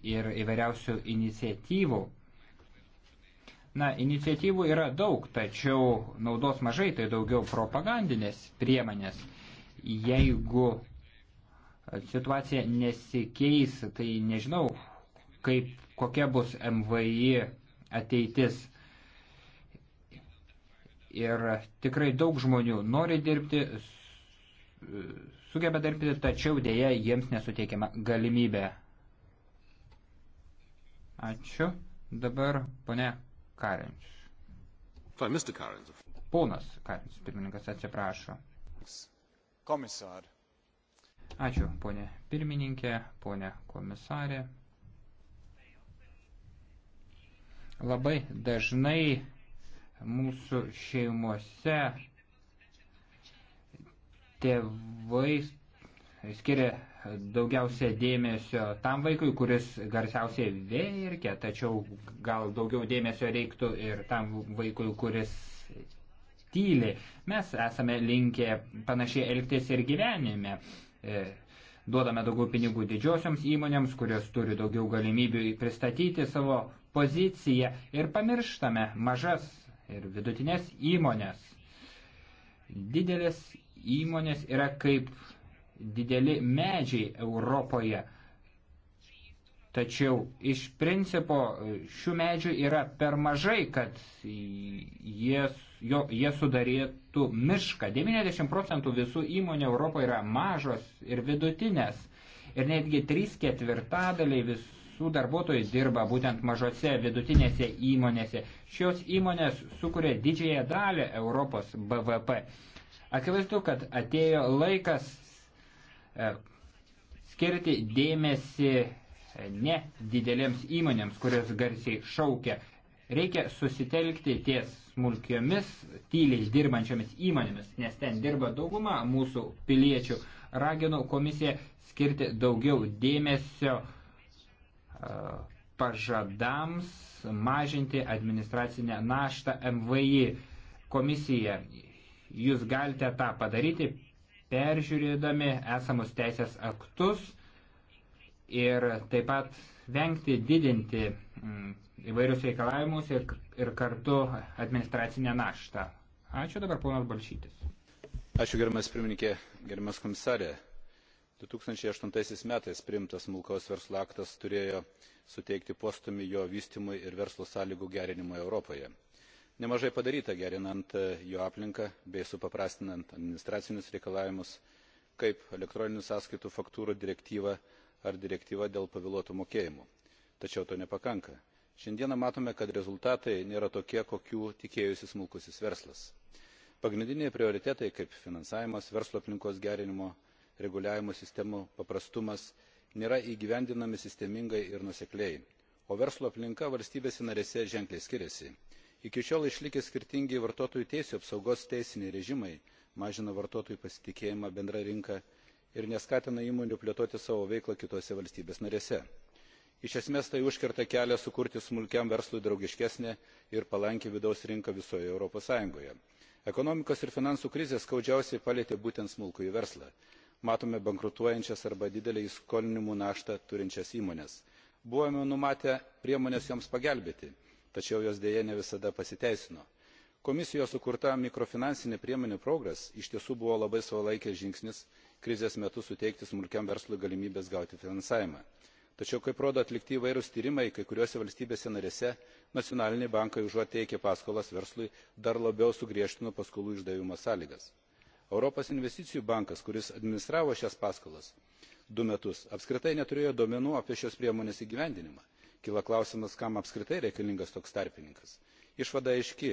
D: ir įvairiausių iniciatyvų. Na, iniciatyvų yra daug, tačiau naudos mažai, tai daugiau propagandinės priemonės. Jeigu situacija nesikeis, tai nežinau, kaip, kokia bus MVI ateitis. Ir tikrai daug žmonių nori dirbti, sugeba dirbti, tačiau dėja jiems nesuteikiama galimybė Ačiū. Dabar pone Karinč. Ponas Karinč, pirmininkas, atsiprašo. Komisar. Ačiū, ponė pirmininkė, ponė komisarė. Labai dažnai mūsų šeimuose tėvai skiria daugiausia dėmesio tam vaikui, kuris garsiausiai veikia, tačiau gal daugiau dėmesio reiktų ir tam vaikui, kuris tyli. Mes esame linkę panašiai elgtis ir gyvenime. E, duodame daugiau pinigų didžiosioms įmonėms, kurios turi daugiau galimybių pristatyti savo poziciją ir pamirštame mažas ir vidutinės įmonės. Didelės įmonės yra kaip dideli medžiai Europoje. Tačiau iš principo e, šių medžių yra per mažai, kad jie, jo, jie sudarytų mišką. 90 procentų visų įmonių Europoje yra mažos ir vidutinės. Ir netgi 3 ketvirtadaliai visų darbuotojų dirba būtent mažose vidutinėse įmonėse. Šios įmonės sukuria didžiąją dalį Europos BVP. Akivaizdu, kad atėjo laikas E, skirti dėmesį ne didelėms įmonėms, kurios garsiai šaukia. Reikia susitelkti ties smulkiomis, tyliai dirbančiomis įmonėmis, nes ten dirba dauguma mūsų piliečių. Raginu komisiją skirti daugiau dėmesio e, pažadams mažinti administracinę naštą MVI. Komisija, jūs galite tą padaryti, peržiūrėdami esamus teisės aktus ir taip pat vengti didinti mm, įvairius reikalavimus ir, ir kartu administracinę naštą. Ačiū dabar ponas Balšytis.
E: Ačiū gerimas pirmininkė, gerimas komisarė. 2008 metais priimtas smulkaus verslo aktas turėjo suteikti postumį jo vystymui ir verslo sąlygų gerinimui Europoje nemažai padaryta gerinant e, jo aplinką bei supaprastinant administracinius reikalavimus kaip elektroninių sąskaitų faktūrų direktyva ar direktyva dėl pavėluotų mokėjimų tačiau to nepakanka. šiandien matome kad rezultatai nėra tokie kokių tikėjosi smulkusis verslas. pagrindiniai prioritetai kaip finansavimas verslo aplinkos gerinimo reguliavimo sistemų paprastumas nėra įgyvendinami sistemingai ir nuosekliai o verslo aplinka valstybėse narėse ženkliai skiriasi iki šiol išlikę skirtingi vartotojų teisių apsaugos teisiniai režimai mažina vartotojų pasitikėjimą bendra rinka ir neskatina įmonių plėtoti savo veiklą kitose valstybėse narėse. iš esmės tai užkerta kelią sukurti smulkiam verslui draugiškesnę ir palankią vidaus rinką visoje europos sąjungoje. ekonomikos ir finansų krizė skaudžiausiai palietė būtent smulkųjį verslą matome bankrutuojančias arba didelę įsiskolinimų naštą turinčias įmones. buvome numatę priemones joms pagelbėti tačiau jos deja ne visada pasiteisino. komisijos sukurta mikrofinansinė priemonė progress iš tiesų buvo labai savalaikis žingsnis krizės metu suteikti smulkiam verslui galimybes gauti finansavimą tačiau kaip rodo atlikti įvairūs tyrimai kai kuriose valstybėse narėse nacionaliniai bankai užuot teikę paskolas verslui dar labiau sugriežtino paskolų išdavimo sąlygas. europos investicijų bankas kuris administravo šias paskolas du metus apskritai neturėjo duomenų apie šios priemonės įgyvendinimą kyla klausimas kam apskritai reikalingas toks tarpininkas. išvada aiški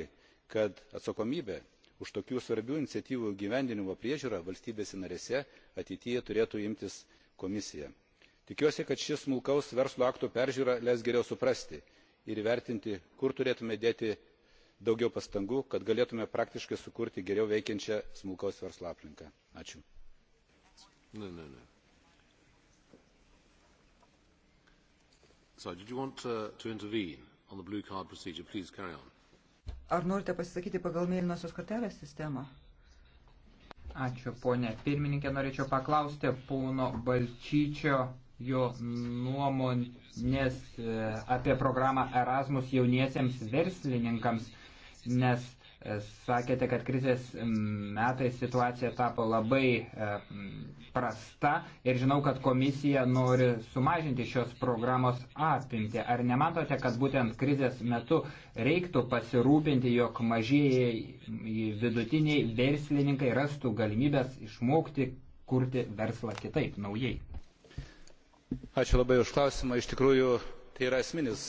E: kad atsakomybę už tokių svarbių iniciatyvų įgyvendinimo priežiūrą valstybėse narėse ateityje turėtų imtis komisija. tikiuosi kad ši smulkaus verslo akto peržiūra leis geriau suprasti ir įvertinti kur turėtume dėti daugiau pastangų kad galėtume praktiškai sukurti geriau veikiančią smulkaus verslo aplinką. ačiū. Ne, ne, ne.
A: Sorry, did you want uh, to intervene on the blue card procedure? Please carry on.
C: Ar norite pasisakyti pagal mėlynosios kortelės sistemą?
D: Ačiū, ponė. Pirmininkė, norėčiau paklausti pono Balčyčio jo nuomonės e, apie programą Erasmus jauniesiems verslininkams, nes E, sakėte, kad krizės metais situacija tapo labai e, prasta ir žinau, kad komisija nori sumažinti šios programos apimti. Ar nematote, kad būtent krizės metu reiktų pasirūpinti, jog mažieji vidutiniai verslininkai rastų galimybės išmokti kurti verslą kitaip, naujai?
E: Ačiū labai už klausimą. Iš tikrųjų, tai yra esminis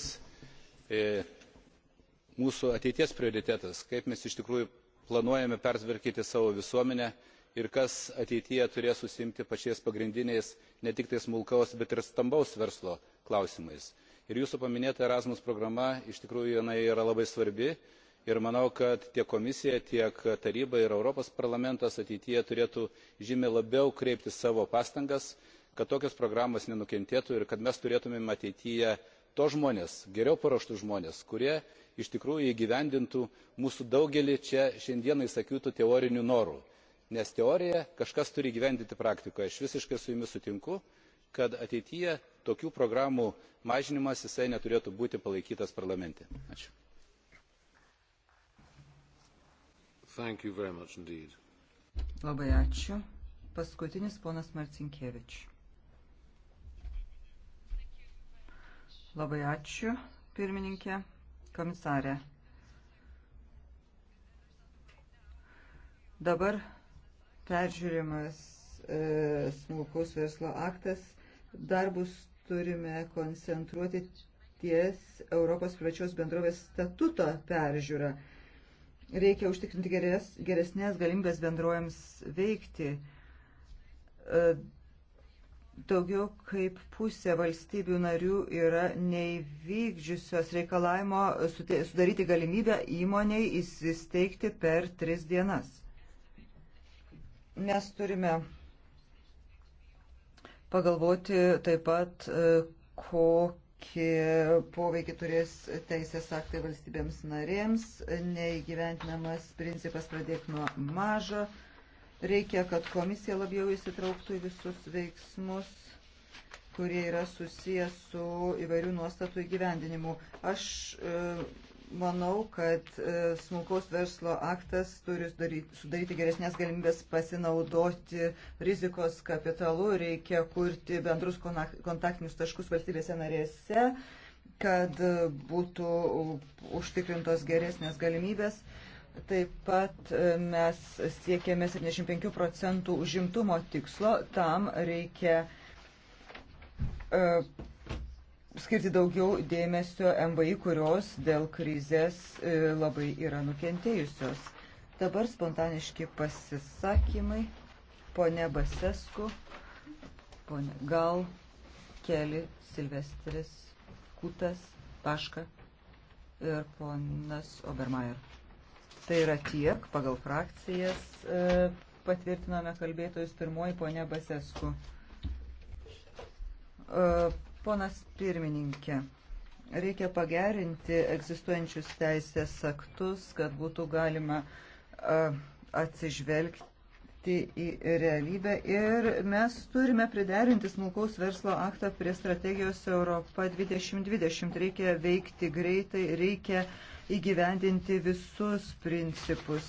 E: e, mūsų ateities prioritetas kaip mes iš tikrųjų planuojame pertvarkyti savo visuomenę ir kas ateityje turės užsiimti pačiais pagrindiniais ne tik tai smulkaus bet ir stambaus verslo klausimais. ir jūsų paminėta erasmus programa iš tikrųjų yra labai svarbi ir manau kad tiek komisija tiek taryba ir europos parlamentas ateityje turėtų žymiai labiau kreipti savo pastangas kad tokios programos nenukentėtų ir kad mes turėtumėme ateityje tuos žmones geriau paruoštus žmones kurie iš tikrųjų įgyvendintų mūsų daugelį čia šiandien išsakytų teorinių norų nes teoriją kažkas turi įgyvendinti praktikoje. aš visiškai su jumis sutinku kad ateityje tokių programų mažinimas neturėtų būti palaikytas parlamente.
C: Labai ačiū. Paskutinis ponas Marcinkievič. Labai ačiū, pirmininkė komisarė. Dabar peržiūrimas e, smulkaus verslo aktas. Darbus turime koncentruoti ties Europos privačios bendrovės statuto peržiūrą. Reikia užtikrinti geres, geresnės galimybės bendrojams veikti. E, Daugiau kaip pusė valstybių narių yra neįvykdžiusios reikalavimo sudaryti galimybę įmoniai įsisteigti per tris dienas. Mes turime pagalvoti taip pat, e, kokį poveikį turės teisės aktai valstybėms narėms, neįgyventinamas principas pradėk nuo mažo. Reikia, kad komisija labiau įsitrauktų į visus veiksmus, kurie yra susijęs su įvairių nuostatų įgyvendinimu. Aš e, manau, kad e, smulkaus verslo aktas turi sudaryti geresnės galimybės pasinaudoti rizikos kapitalu, reikia kurti bendrus kontaktinius taškus valstybėse narėse, kad e, būtų užtikrintos geresnės galimybės. Taip pat e, mes siekėme 75 procentų užimtumo tikslo, tam reikia e, skirti daugiau dėmesio MVI, kurios dėl krizės e, labai yra nukentėjusios. Dabar spontaniški pasisakymai. Pone Basesku, pone Gal, Keli, Silvestris, Kutas, Paška ir ponas Obermajer. Tai yra tiek, pagal frakcijas e, patvirtinome kalbėtojus pirmoji ponia Basesku. E, ponas pirmininkė, reikia pagerinti egzistuojančius teisės aktus, kad būtų galima e, atsižvelgti žvelgti į realybę ir mes turime priderinti smulkaus verslo aktą prie strategijos Europa 2020. Reikia veikti greitai, reikia įgyvendinti visus principus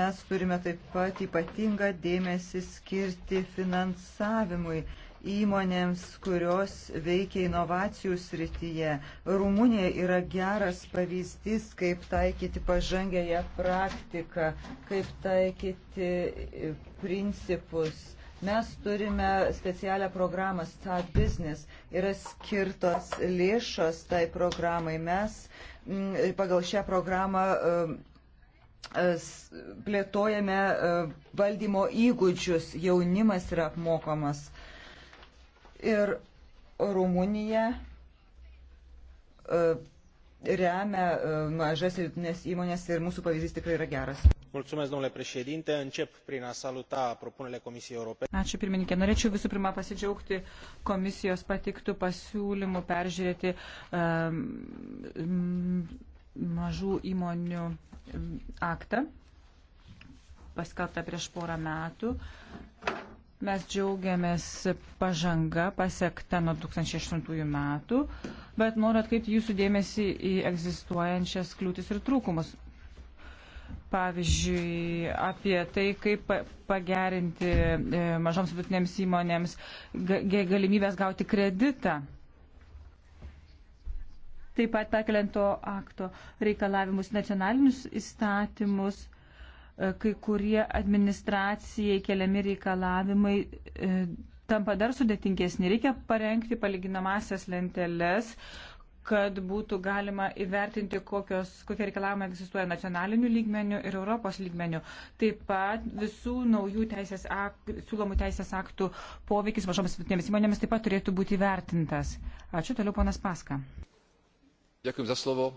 C: mes turime taip pat ypatingą dėmesį skirti finansavimui įmonėms, kurios veikia inovacijų srityje. Rumunija yra geras pavyzdys, kaip taikyti pažangėją praktiką, kaip taikyti e, principus. Mes turime specialią programą Start Business, yra skirtos lėšos tai programai. Mes m, pagal šią programą m, e, e, plėtojame valdymo įgūdžius, jaunimas yra apmokomas. Ir Rumunija e, remia e, mažas ir vidutinės
F: įmonės ir mūsų pavyzdys tikrai yra geras.
E: Încep prin a saluta propunerile
F: Comisiei Europene. Ačiū pirmininkė. Norėčiau visų pirma pasidžiaugti komisijos patiktų pasiūlymų peržiūrėti um, mažų įmonių aktą, paskelbtą prieš porą metų. Mes džiaugiamės pažanga pasiekta nuo 2008 metų, bet noriu atkreipti jūsų dėmesį į egzistuojančias kliūtis ir trūkumus. Pavyzdžiui, apie tai, kaip pagerinti e, mažoms vidutinėms įmonėms galimybės gauti kreditą. Taip pat perkeliant to akto reikalavimus nacionalinius įstatymus E, kai kurie administracijai keliami reikalavimai e, tampa dar sudėtingesni. Reikia parengti palyginamasias lenteles, kad būtų galima įvertinti, kokios, kokie reikalavimai egzistuoja nacionaliniu lygmeniu ir Europos lygmeniu. Taip pat visų naujų teisės ak, siūlomų teisės aktų poveikis mažoms vidutinėms įmonėms taip pat turėtų būti įvertintas. Ačiū toliau, ponas Paska.
E: Dėkui za slovo.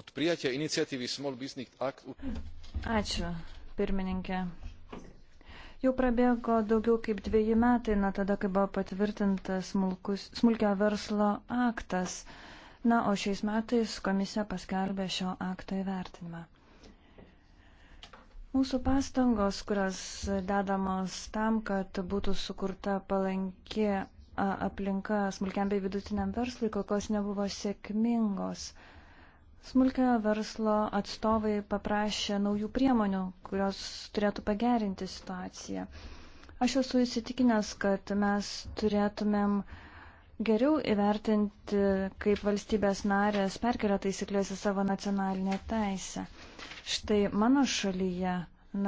E: Od prijatia iniciatyvy Small Business Act.
G: Ačiū pirmininkė. Jau prabėgo daugiau kaip dviejų metai nuo tada, kai buvo patvirtintas smulkus, smulkio verslo aktas. Na, o šiais metais komisija paskelbė šio akto įvertinimą. Mūsų pastangos, kurios dedamos tam, kad būtų sukurta palanki aplinka smulkiam bei vidutiniam verslui, kol kas nebuvo sėkmingos. Smulkiojo verslo atstovai paprašė naujų priemonių, kurios turėtų pagerinti situaciją. Aš esu įsitikinęs, kad mes turėtumėm geriau įvertinti, kaip valstybės narės perkelia taisyklės į savo nacionalinę teisę. Štai mano šalyje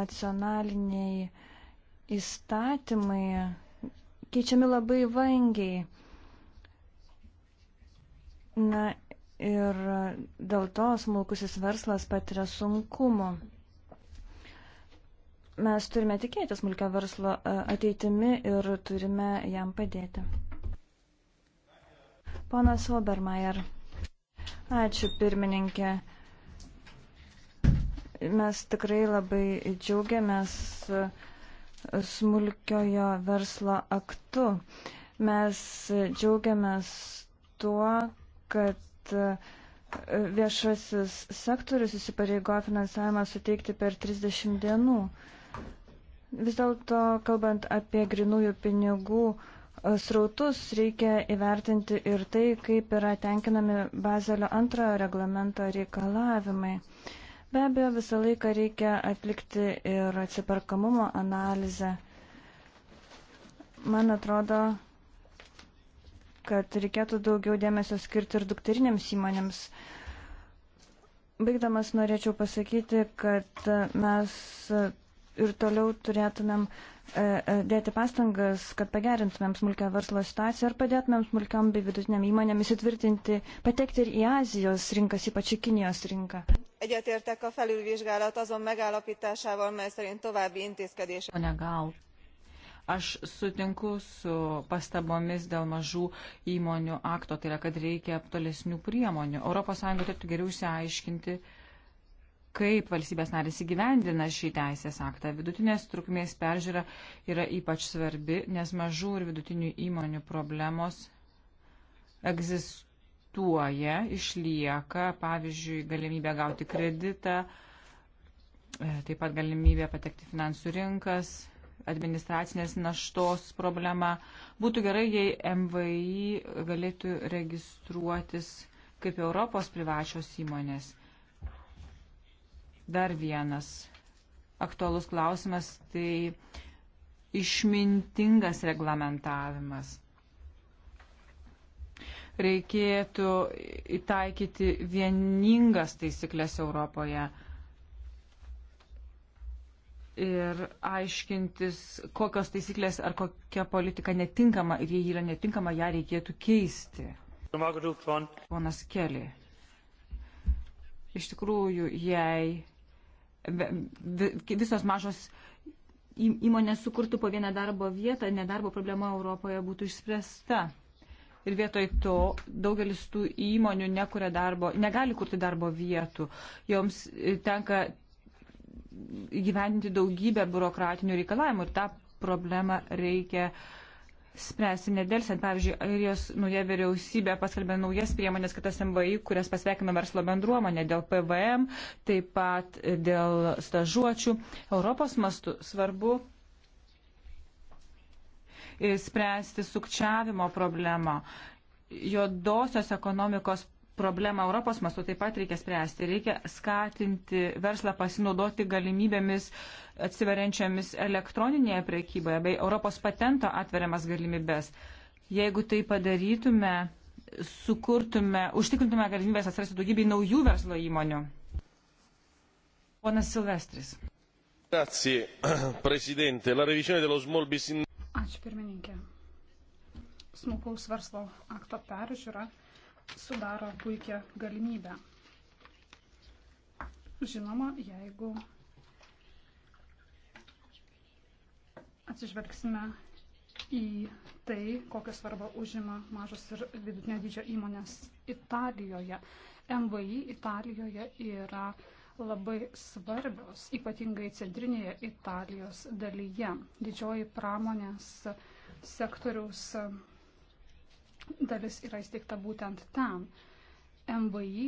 G: nacionaliniai įstatymai keičiami labai vangiai. Na ir dėl to smulkusis verslas patiria sunkumų. Mes turime tikėti smulkio verslo e, ateitimi ir turime jam padėti. Ponas Obermeier. Ačiū pirmininkė. Mes tikrai labai džiaugiamės e, smulkiojo verslo aktu. Mes džiaugiamės tuo, kad kad e, viešasis sektorius įsipareigoja finansavimą suteikti per 30 dienų. Vis dėlto, kalbant apie grinųjų pinigų e, srautus, reikia įvertinti ir tai, kaip yra tenkinami Bazelio antrojo reglamento reikalavimai. Be abejo, visą laiką reikia atlikti ir atsiperkamumo analizę. Man atrodo, kad reikėtų daugiau dėmesio skirti ir dukterinėms įmonėms. Baigdamas norėčiau pasakyti, kad mes ir toliau turėtumėm e, e, dėti pastangas, kad pagerintumėm smulkio verslo situaciją ir padėtumėm smulkiam bei vidutiniam įmonėm įsitvirtinti, patekti ir į Azijos rinkas, ypač į Kinijos rinką.
C: Egyetértek a felülvizsgálat azon megállapításával, mely szerint további intézkedés. Pane
F: Gál, Aš sutinku su pastabomis dėl mažų įmonių akto, tai yra, kad reikia tolesnių priemonių. ES turėtų geriau išsiaiškinti, kaip valstybės narės įgyvendina šį teisės aktą. Vidutinės trukmės peržiūra yra ypač svarbi, nes mažų ir vidutinių įmonių problemos egzistuoja, išlieka, pavyzdžiui, galimybė gauti kreditą, e, taip pat galimybė patekti finansų rinkas administracinės naštos problemą. Būtų gerai, jei MVI galėtų registruotis kaip Europos privačios įmonės. Dar vienas aktualus klausimas - tai išmintingas reglamentavimas. Reikėtų įtaikyti vieningas taisyklės Europoje ir aiškintis, kokios taisyklės ar kokia politika netinkama ir jei yra netinkama, ją reikėtų keisti. Ponas Keli. Iš tikrųjų, jei visos mažos įmonės sukurtų po vieną darbo vietą, nedarbo problema Europoje būtų išspręsta. Ir vietoj to daugelis tų įmonių nekuria darbo, negali kurti darbo vietų. Joms e, tenka gyventi daugybę biurokratinių reikalavimų ir tą problemą reikia spręsti nedelsiant. Pavyzdžiui, Airijos nauja vyriausybė paskelbė naujas priemonės kitas MVI, kurias pasveikino verslo bendruomenė dėl PVM, taip pat dėl stažuočių. Europos mastu svarbu spręsti sukčiavimo problemą. Jodosios ekonomikos problemą Europos mastu taip pat reikia spręsti. Reikia skatinti verslą pasinaudoti galimybėmis atsiveriančiamis elektroninėje prekyboje bei Europos patento atveriamas galimybės. Jeigu tai padarytume, sukurtume, užtikrintume galimybės atsirasti daugybį naujų verslo įmonių. Ponas Silvestris.
A: Grazie, Presidente. La revisione dello Small Business. Ačiū pirmininkė. Smulkaus verslo akto peržiūra sudaro puikią galimybę. Žinoma, jeigu atsižvelgsime į tai, kokią svarbą užima mažos ir vidutinio dydžio įmonės Italijoje. MVI Italijoje yra labai svarbios, ypatingai centrinėje Italijos dalyje. Didžioji pramonės sektoriaus dalis yra įsteigta būtent ten. MVI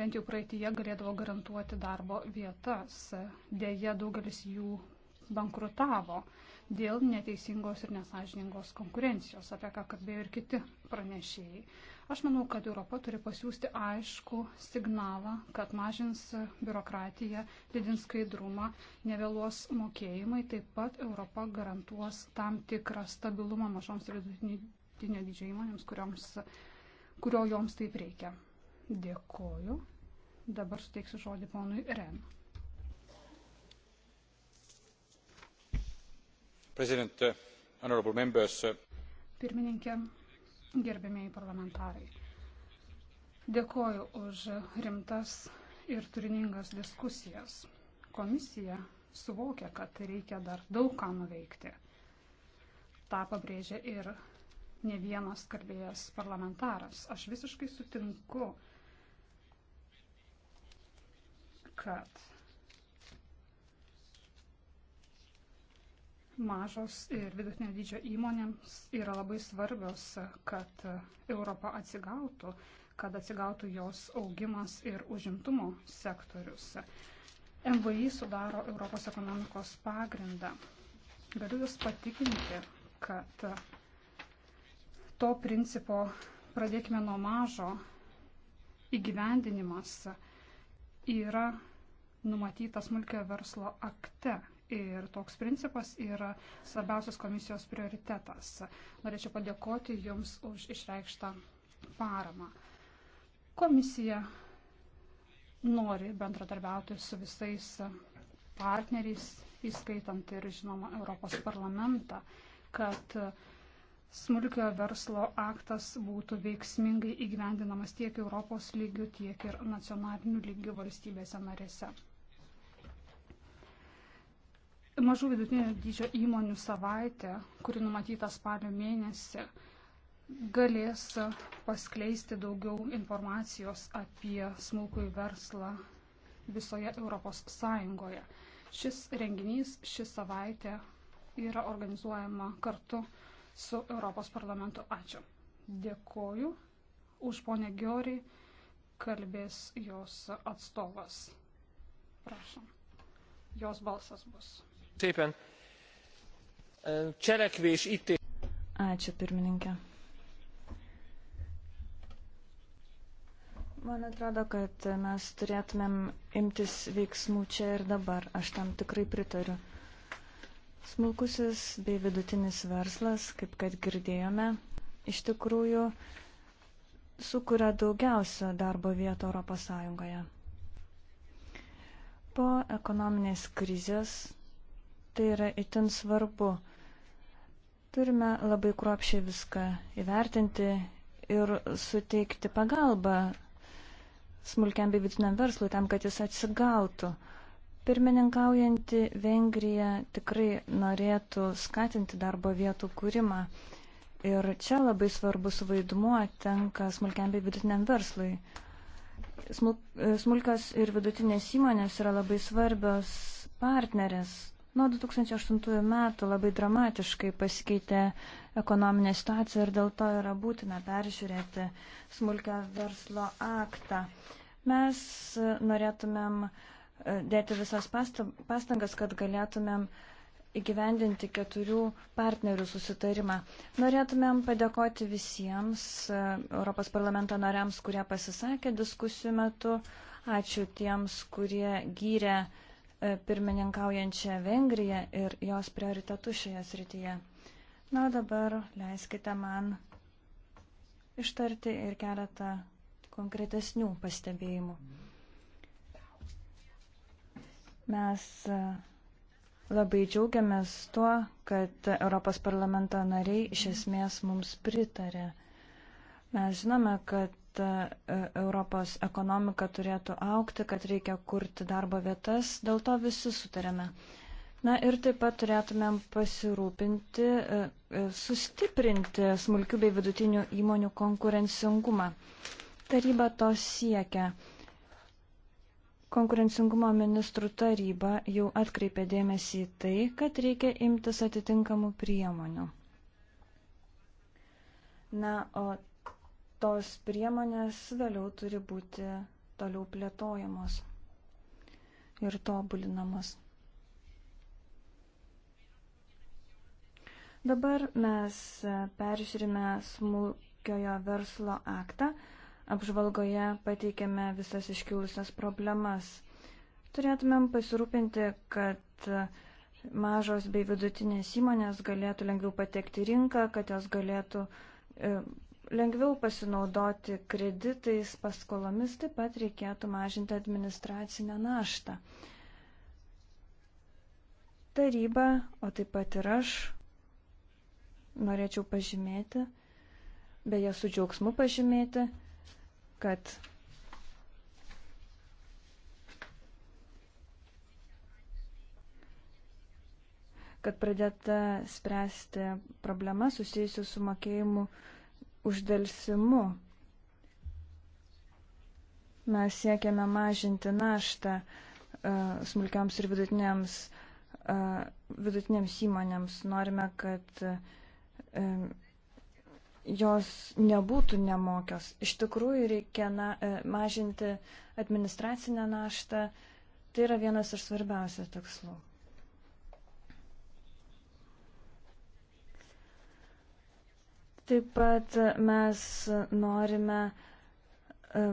A: bent jau praeitie galėdavo garantuoti darbo vietas. Deja, daugelis jų bankrutavo dėl neteisingos ir nesažiningos konkurencijos, apie ką kalbėjo ir kiti pranešėjai. Aš manau, kad Europa turi pasiūsti aišku signalą, kad mažins biurokratiją, didins skaidrumą, nevėluos mokėjimai, taip pat Europa garantuos tam tikrą stabilumą mažoms ir vidutinio dydžio įmonėms, kurioms, kurio joms taip reikia. Dėkoju. Dabar suteiksiu žodį ponui Ren.
E: President, uh, honorable members. Uh,
A: Pirmininkė, gerbėmėjai parlamentarai. Dėkoju už rimtas ir turiningas diskusijas. Komisija suvokia, kad reikia dar daug ką nuveikti. Ta pabrėžia ir ne vienas kalbėjęs parlamentaras. Aš visiškai sutinku, kad mažos ir vidutinio dydžio įmonėms yra labai svarbios, kad Europa atsigautų, kad atsigautų jos augimas ir užimtumo sektorius. MVI sudaro Europos ekonomikos pagrindą. Galiu Jūs patikinti, kad to principo pradėkime nuo mažo įgyvendinimas yra numatytas smulkio verslo akte. Ir toks principas yra svarbiausias komisijos prioritetas. Norėčiau padėkoti Jums už išreikštą paramą. Komisija nori bendradarbiauti su visais partneriais, įskaitant ir, žinoma, Europos parlamentą, kad uh, smulkiojo verslo aktas būtų veiksmingai įgyvendinamas tiek Europos lygių, tiek ir nacionalinių lygių valstybėse narėse. Mažų vidutinio dydžio įmonių savaitė, kuri numatyta spalio mėnesį, galės paskleisti daugiau informacijos apie smulkųjį verslą visoje Europos Sąjungoje. Šis renginys, ši savaitė yra organizuojama kartu su Europos parlamentu. Ačiū. Dėkoju už ponę Giorį, kalbės jos atstovas. Prašom. Jos balsas bus.
G: Taip. Cselekvés itt. Ačiū pirmininkė. Man atrodo, kad mes turėtumėm imtis veiksmų čia ir dabar. Aš tam tikrai pritariu. Smulkusis bei vidutinis verslas, kaip kad girdėjome, iš tikrųjų sukuria daugiausia darbo vietų Europos Sąjungoje. Po ekonominės krizės tai yra itin svarbu. Turime labai kruopšiai viską įvertinti ir suteikti pagalbą smulkiam bei vidutiniam verslui tam, kad jis atsigautų. Pirmininkaujanti Vengrija tikrai norėtų skatinti darbo vietų kūrimą. Ir čia labai svarbus vaidmuo tenka smulkiam bei vidutiniam verslui. Smulkios ir vidutinės įmonės yra labai svarbios partnerės. Nuo 2008 metų labai dramatiškai pasikeitė ekonominė situacija ir dėl to yra būtina peržiūrėti smulkio verslo aktą. Mes norėtumėm uh, dėti visas pastangas, kad galėtumėm įgyvendinti keturių partnerių susitarimą. Norėtumėm padėkoti visiems e, Europos parlamento nariams, kurie pasisakė diskusijų metu. Ačiū tiems, kurie gyrė e, pirmininkaujančią Vengriją ir jos prioritetus šioje srityje. Na, o dabar leiskite man ištarti ir keletą konkretesnių pastebėjimų. Mm. Mes e, labai džiaugiamės tuo, kad Europos parlamento nariai iš esmės mums pritarė. Mes žinome, kad e, Europos ekonomika turėtų aukti, kad reikia kurti darbo vietas, dėl to visi sutarėme. Na ir taip pat turėtumėm pasirūpinti, e, sustiprinti smulkių bei vidutinių įmonių konkurencingumą. Taryba to siekia. Konkurencingumo ministrų taryba jau atkreipė dėmesį į tai, kad reikia imtis atitinkamų priemonių. Na, o tos priemonės vėliau turi būti toliau plėtojamos ir tobulinamos. Dabar mes peržiūrime smulkiojo verslo aktą Apžvalgoje pateikėme visas iškilusias problemas. Turėtumėm pasirūpinti, kad mažos bei vidutinės įmonės galėtų lengviau patekti rinką, kad jos galėtų e, lengviau pasinaudoti kreditais, paskolomis, taip pat reikėtų mažinti administracinę naštą. Taryba, o taip pat ir aš, norėčiau pažymėti, beje, su džiaugsmu pažymėti, kad kad pradėta spręsti problemą susijusiu su mokėjimu uždelsimu. Mes siekiame mažinti naštą uh, e, smulkiams ir vidutiniams, uh, e, vidutiniams įmonėms. Norime, kad uh, jos nebūtų nemokios. Iš tikrųjų reikia na, e, mažinti administracinę naštą. Tai yra vienas iš svarbiausių tikslų. Taip pat mes norime e,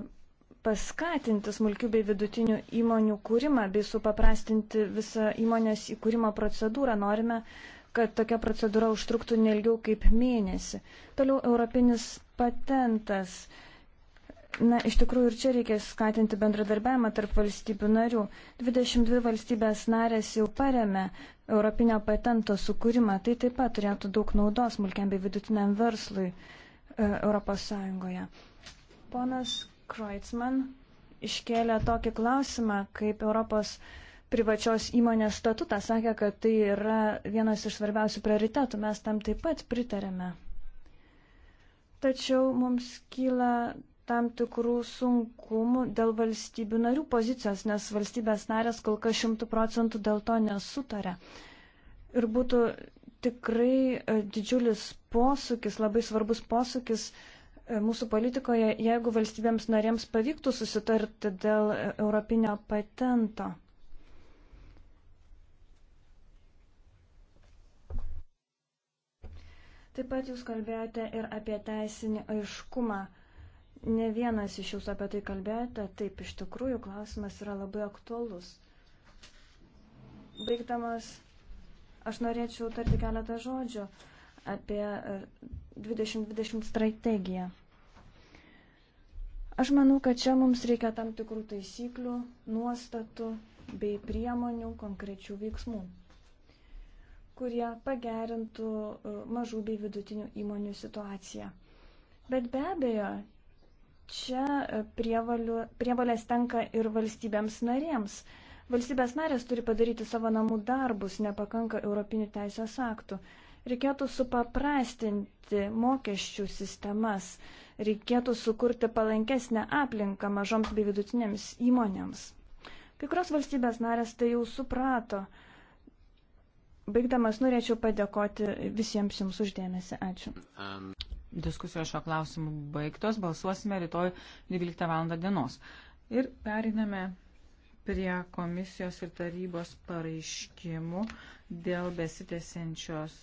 G: paskatinti smulkių bei vidutinių įmonių kūrimą bei supaprastinti visą įmonės įkūrimo procedūrą. Norime uh, kad tokia procedūra užtruktų nelgiau kaip mėnesį. Toliau europinis patentas. Na, iš tikrųjų ir čia reikia skatinti bendradarbiavimą tarp valstybių narių. 22 valstybės narės jau paremė europinio patento sukūrimą. Tai taip pat turėtų daug naudos smulkiam bei vidutiniam verslui e, Europos Sąjungoje. Ponas Kreutzmann iškėlė tokį klausimą, kaip Europos Sąjungoje privačios įmonės statutą, sakė, kad tai yra vienas iš svarbiausių prioritetų, mes tam taip pat pritarėme. Tačiau mums kyla tam tikrų sunkumų dėl valstybių narių pozicijos, nes valstybės narės kol kas šimtų procentų dėl to nesutarė. Ir būtų tikrai e, didžiulis posūkis, labai svarbus posūkis e, mūsų politikoje, jeigu valstybėms narėms pavyktų susitarti dėl e, europinio patento. Taip pat jūs kalbėjote ir apie teisinį aiškumą. Ne vienas iš jūsų apie tai kalbėjote, taip iš tikrųjų klausimas yra labai aktuolus. Baigdamas, aš norėčiau tarti keletą žodžių apie 2020 strategiją. Aš manau, kad čia mums reikia tam tikrų taisyklių, nuostatų bei priemonių konkrečių veiksmų kurie pagerintų e, mažų bei vidutinių įmonių situaciją. Bet be abejo, čia e, prievalės tenka ir valstybėms narėms. Valstybės narės turi padaryti savo namų darbus, nepakanka europinių teisės aktų. Reikėtų supaprastinti mokesčių sistemas, reikėtų sukurti palankesnę aplinką mažoms bei vidutinėms įmonėms. Kai kurios valstybės narės tai jau suprato, uh, Baigdamas norėčiau padėkoti visiems jums uždėmesi. Ačiū.
F: Um, Diskusijos šio klausimu baigtos. Balsuosime rytoj 12 val. dienos. Ir periname prie komisijos ir tarybos pareiškimų dėl besitėsiančios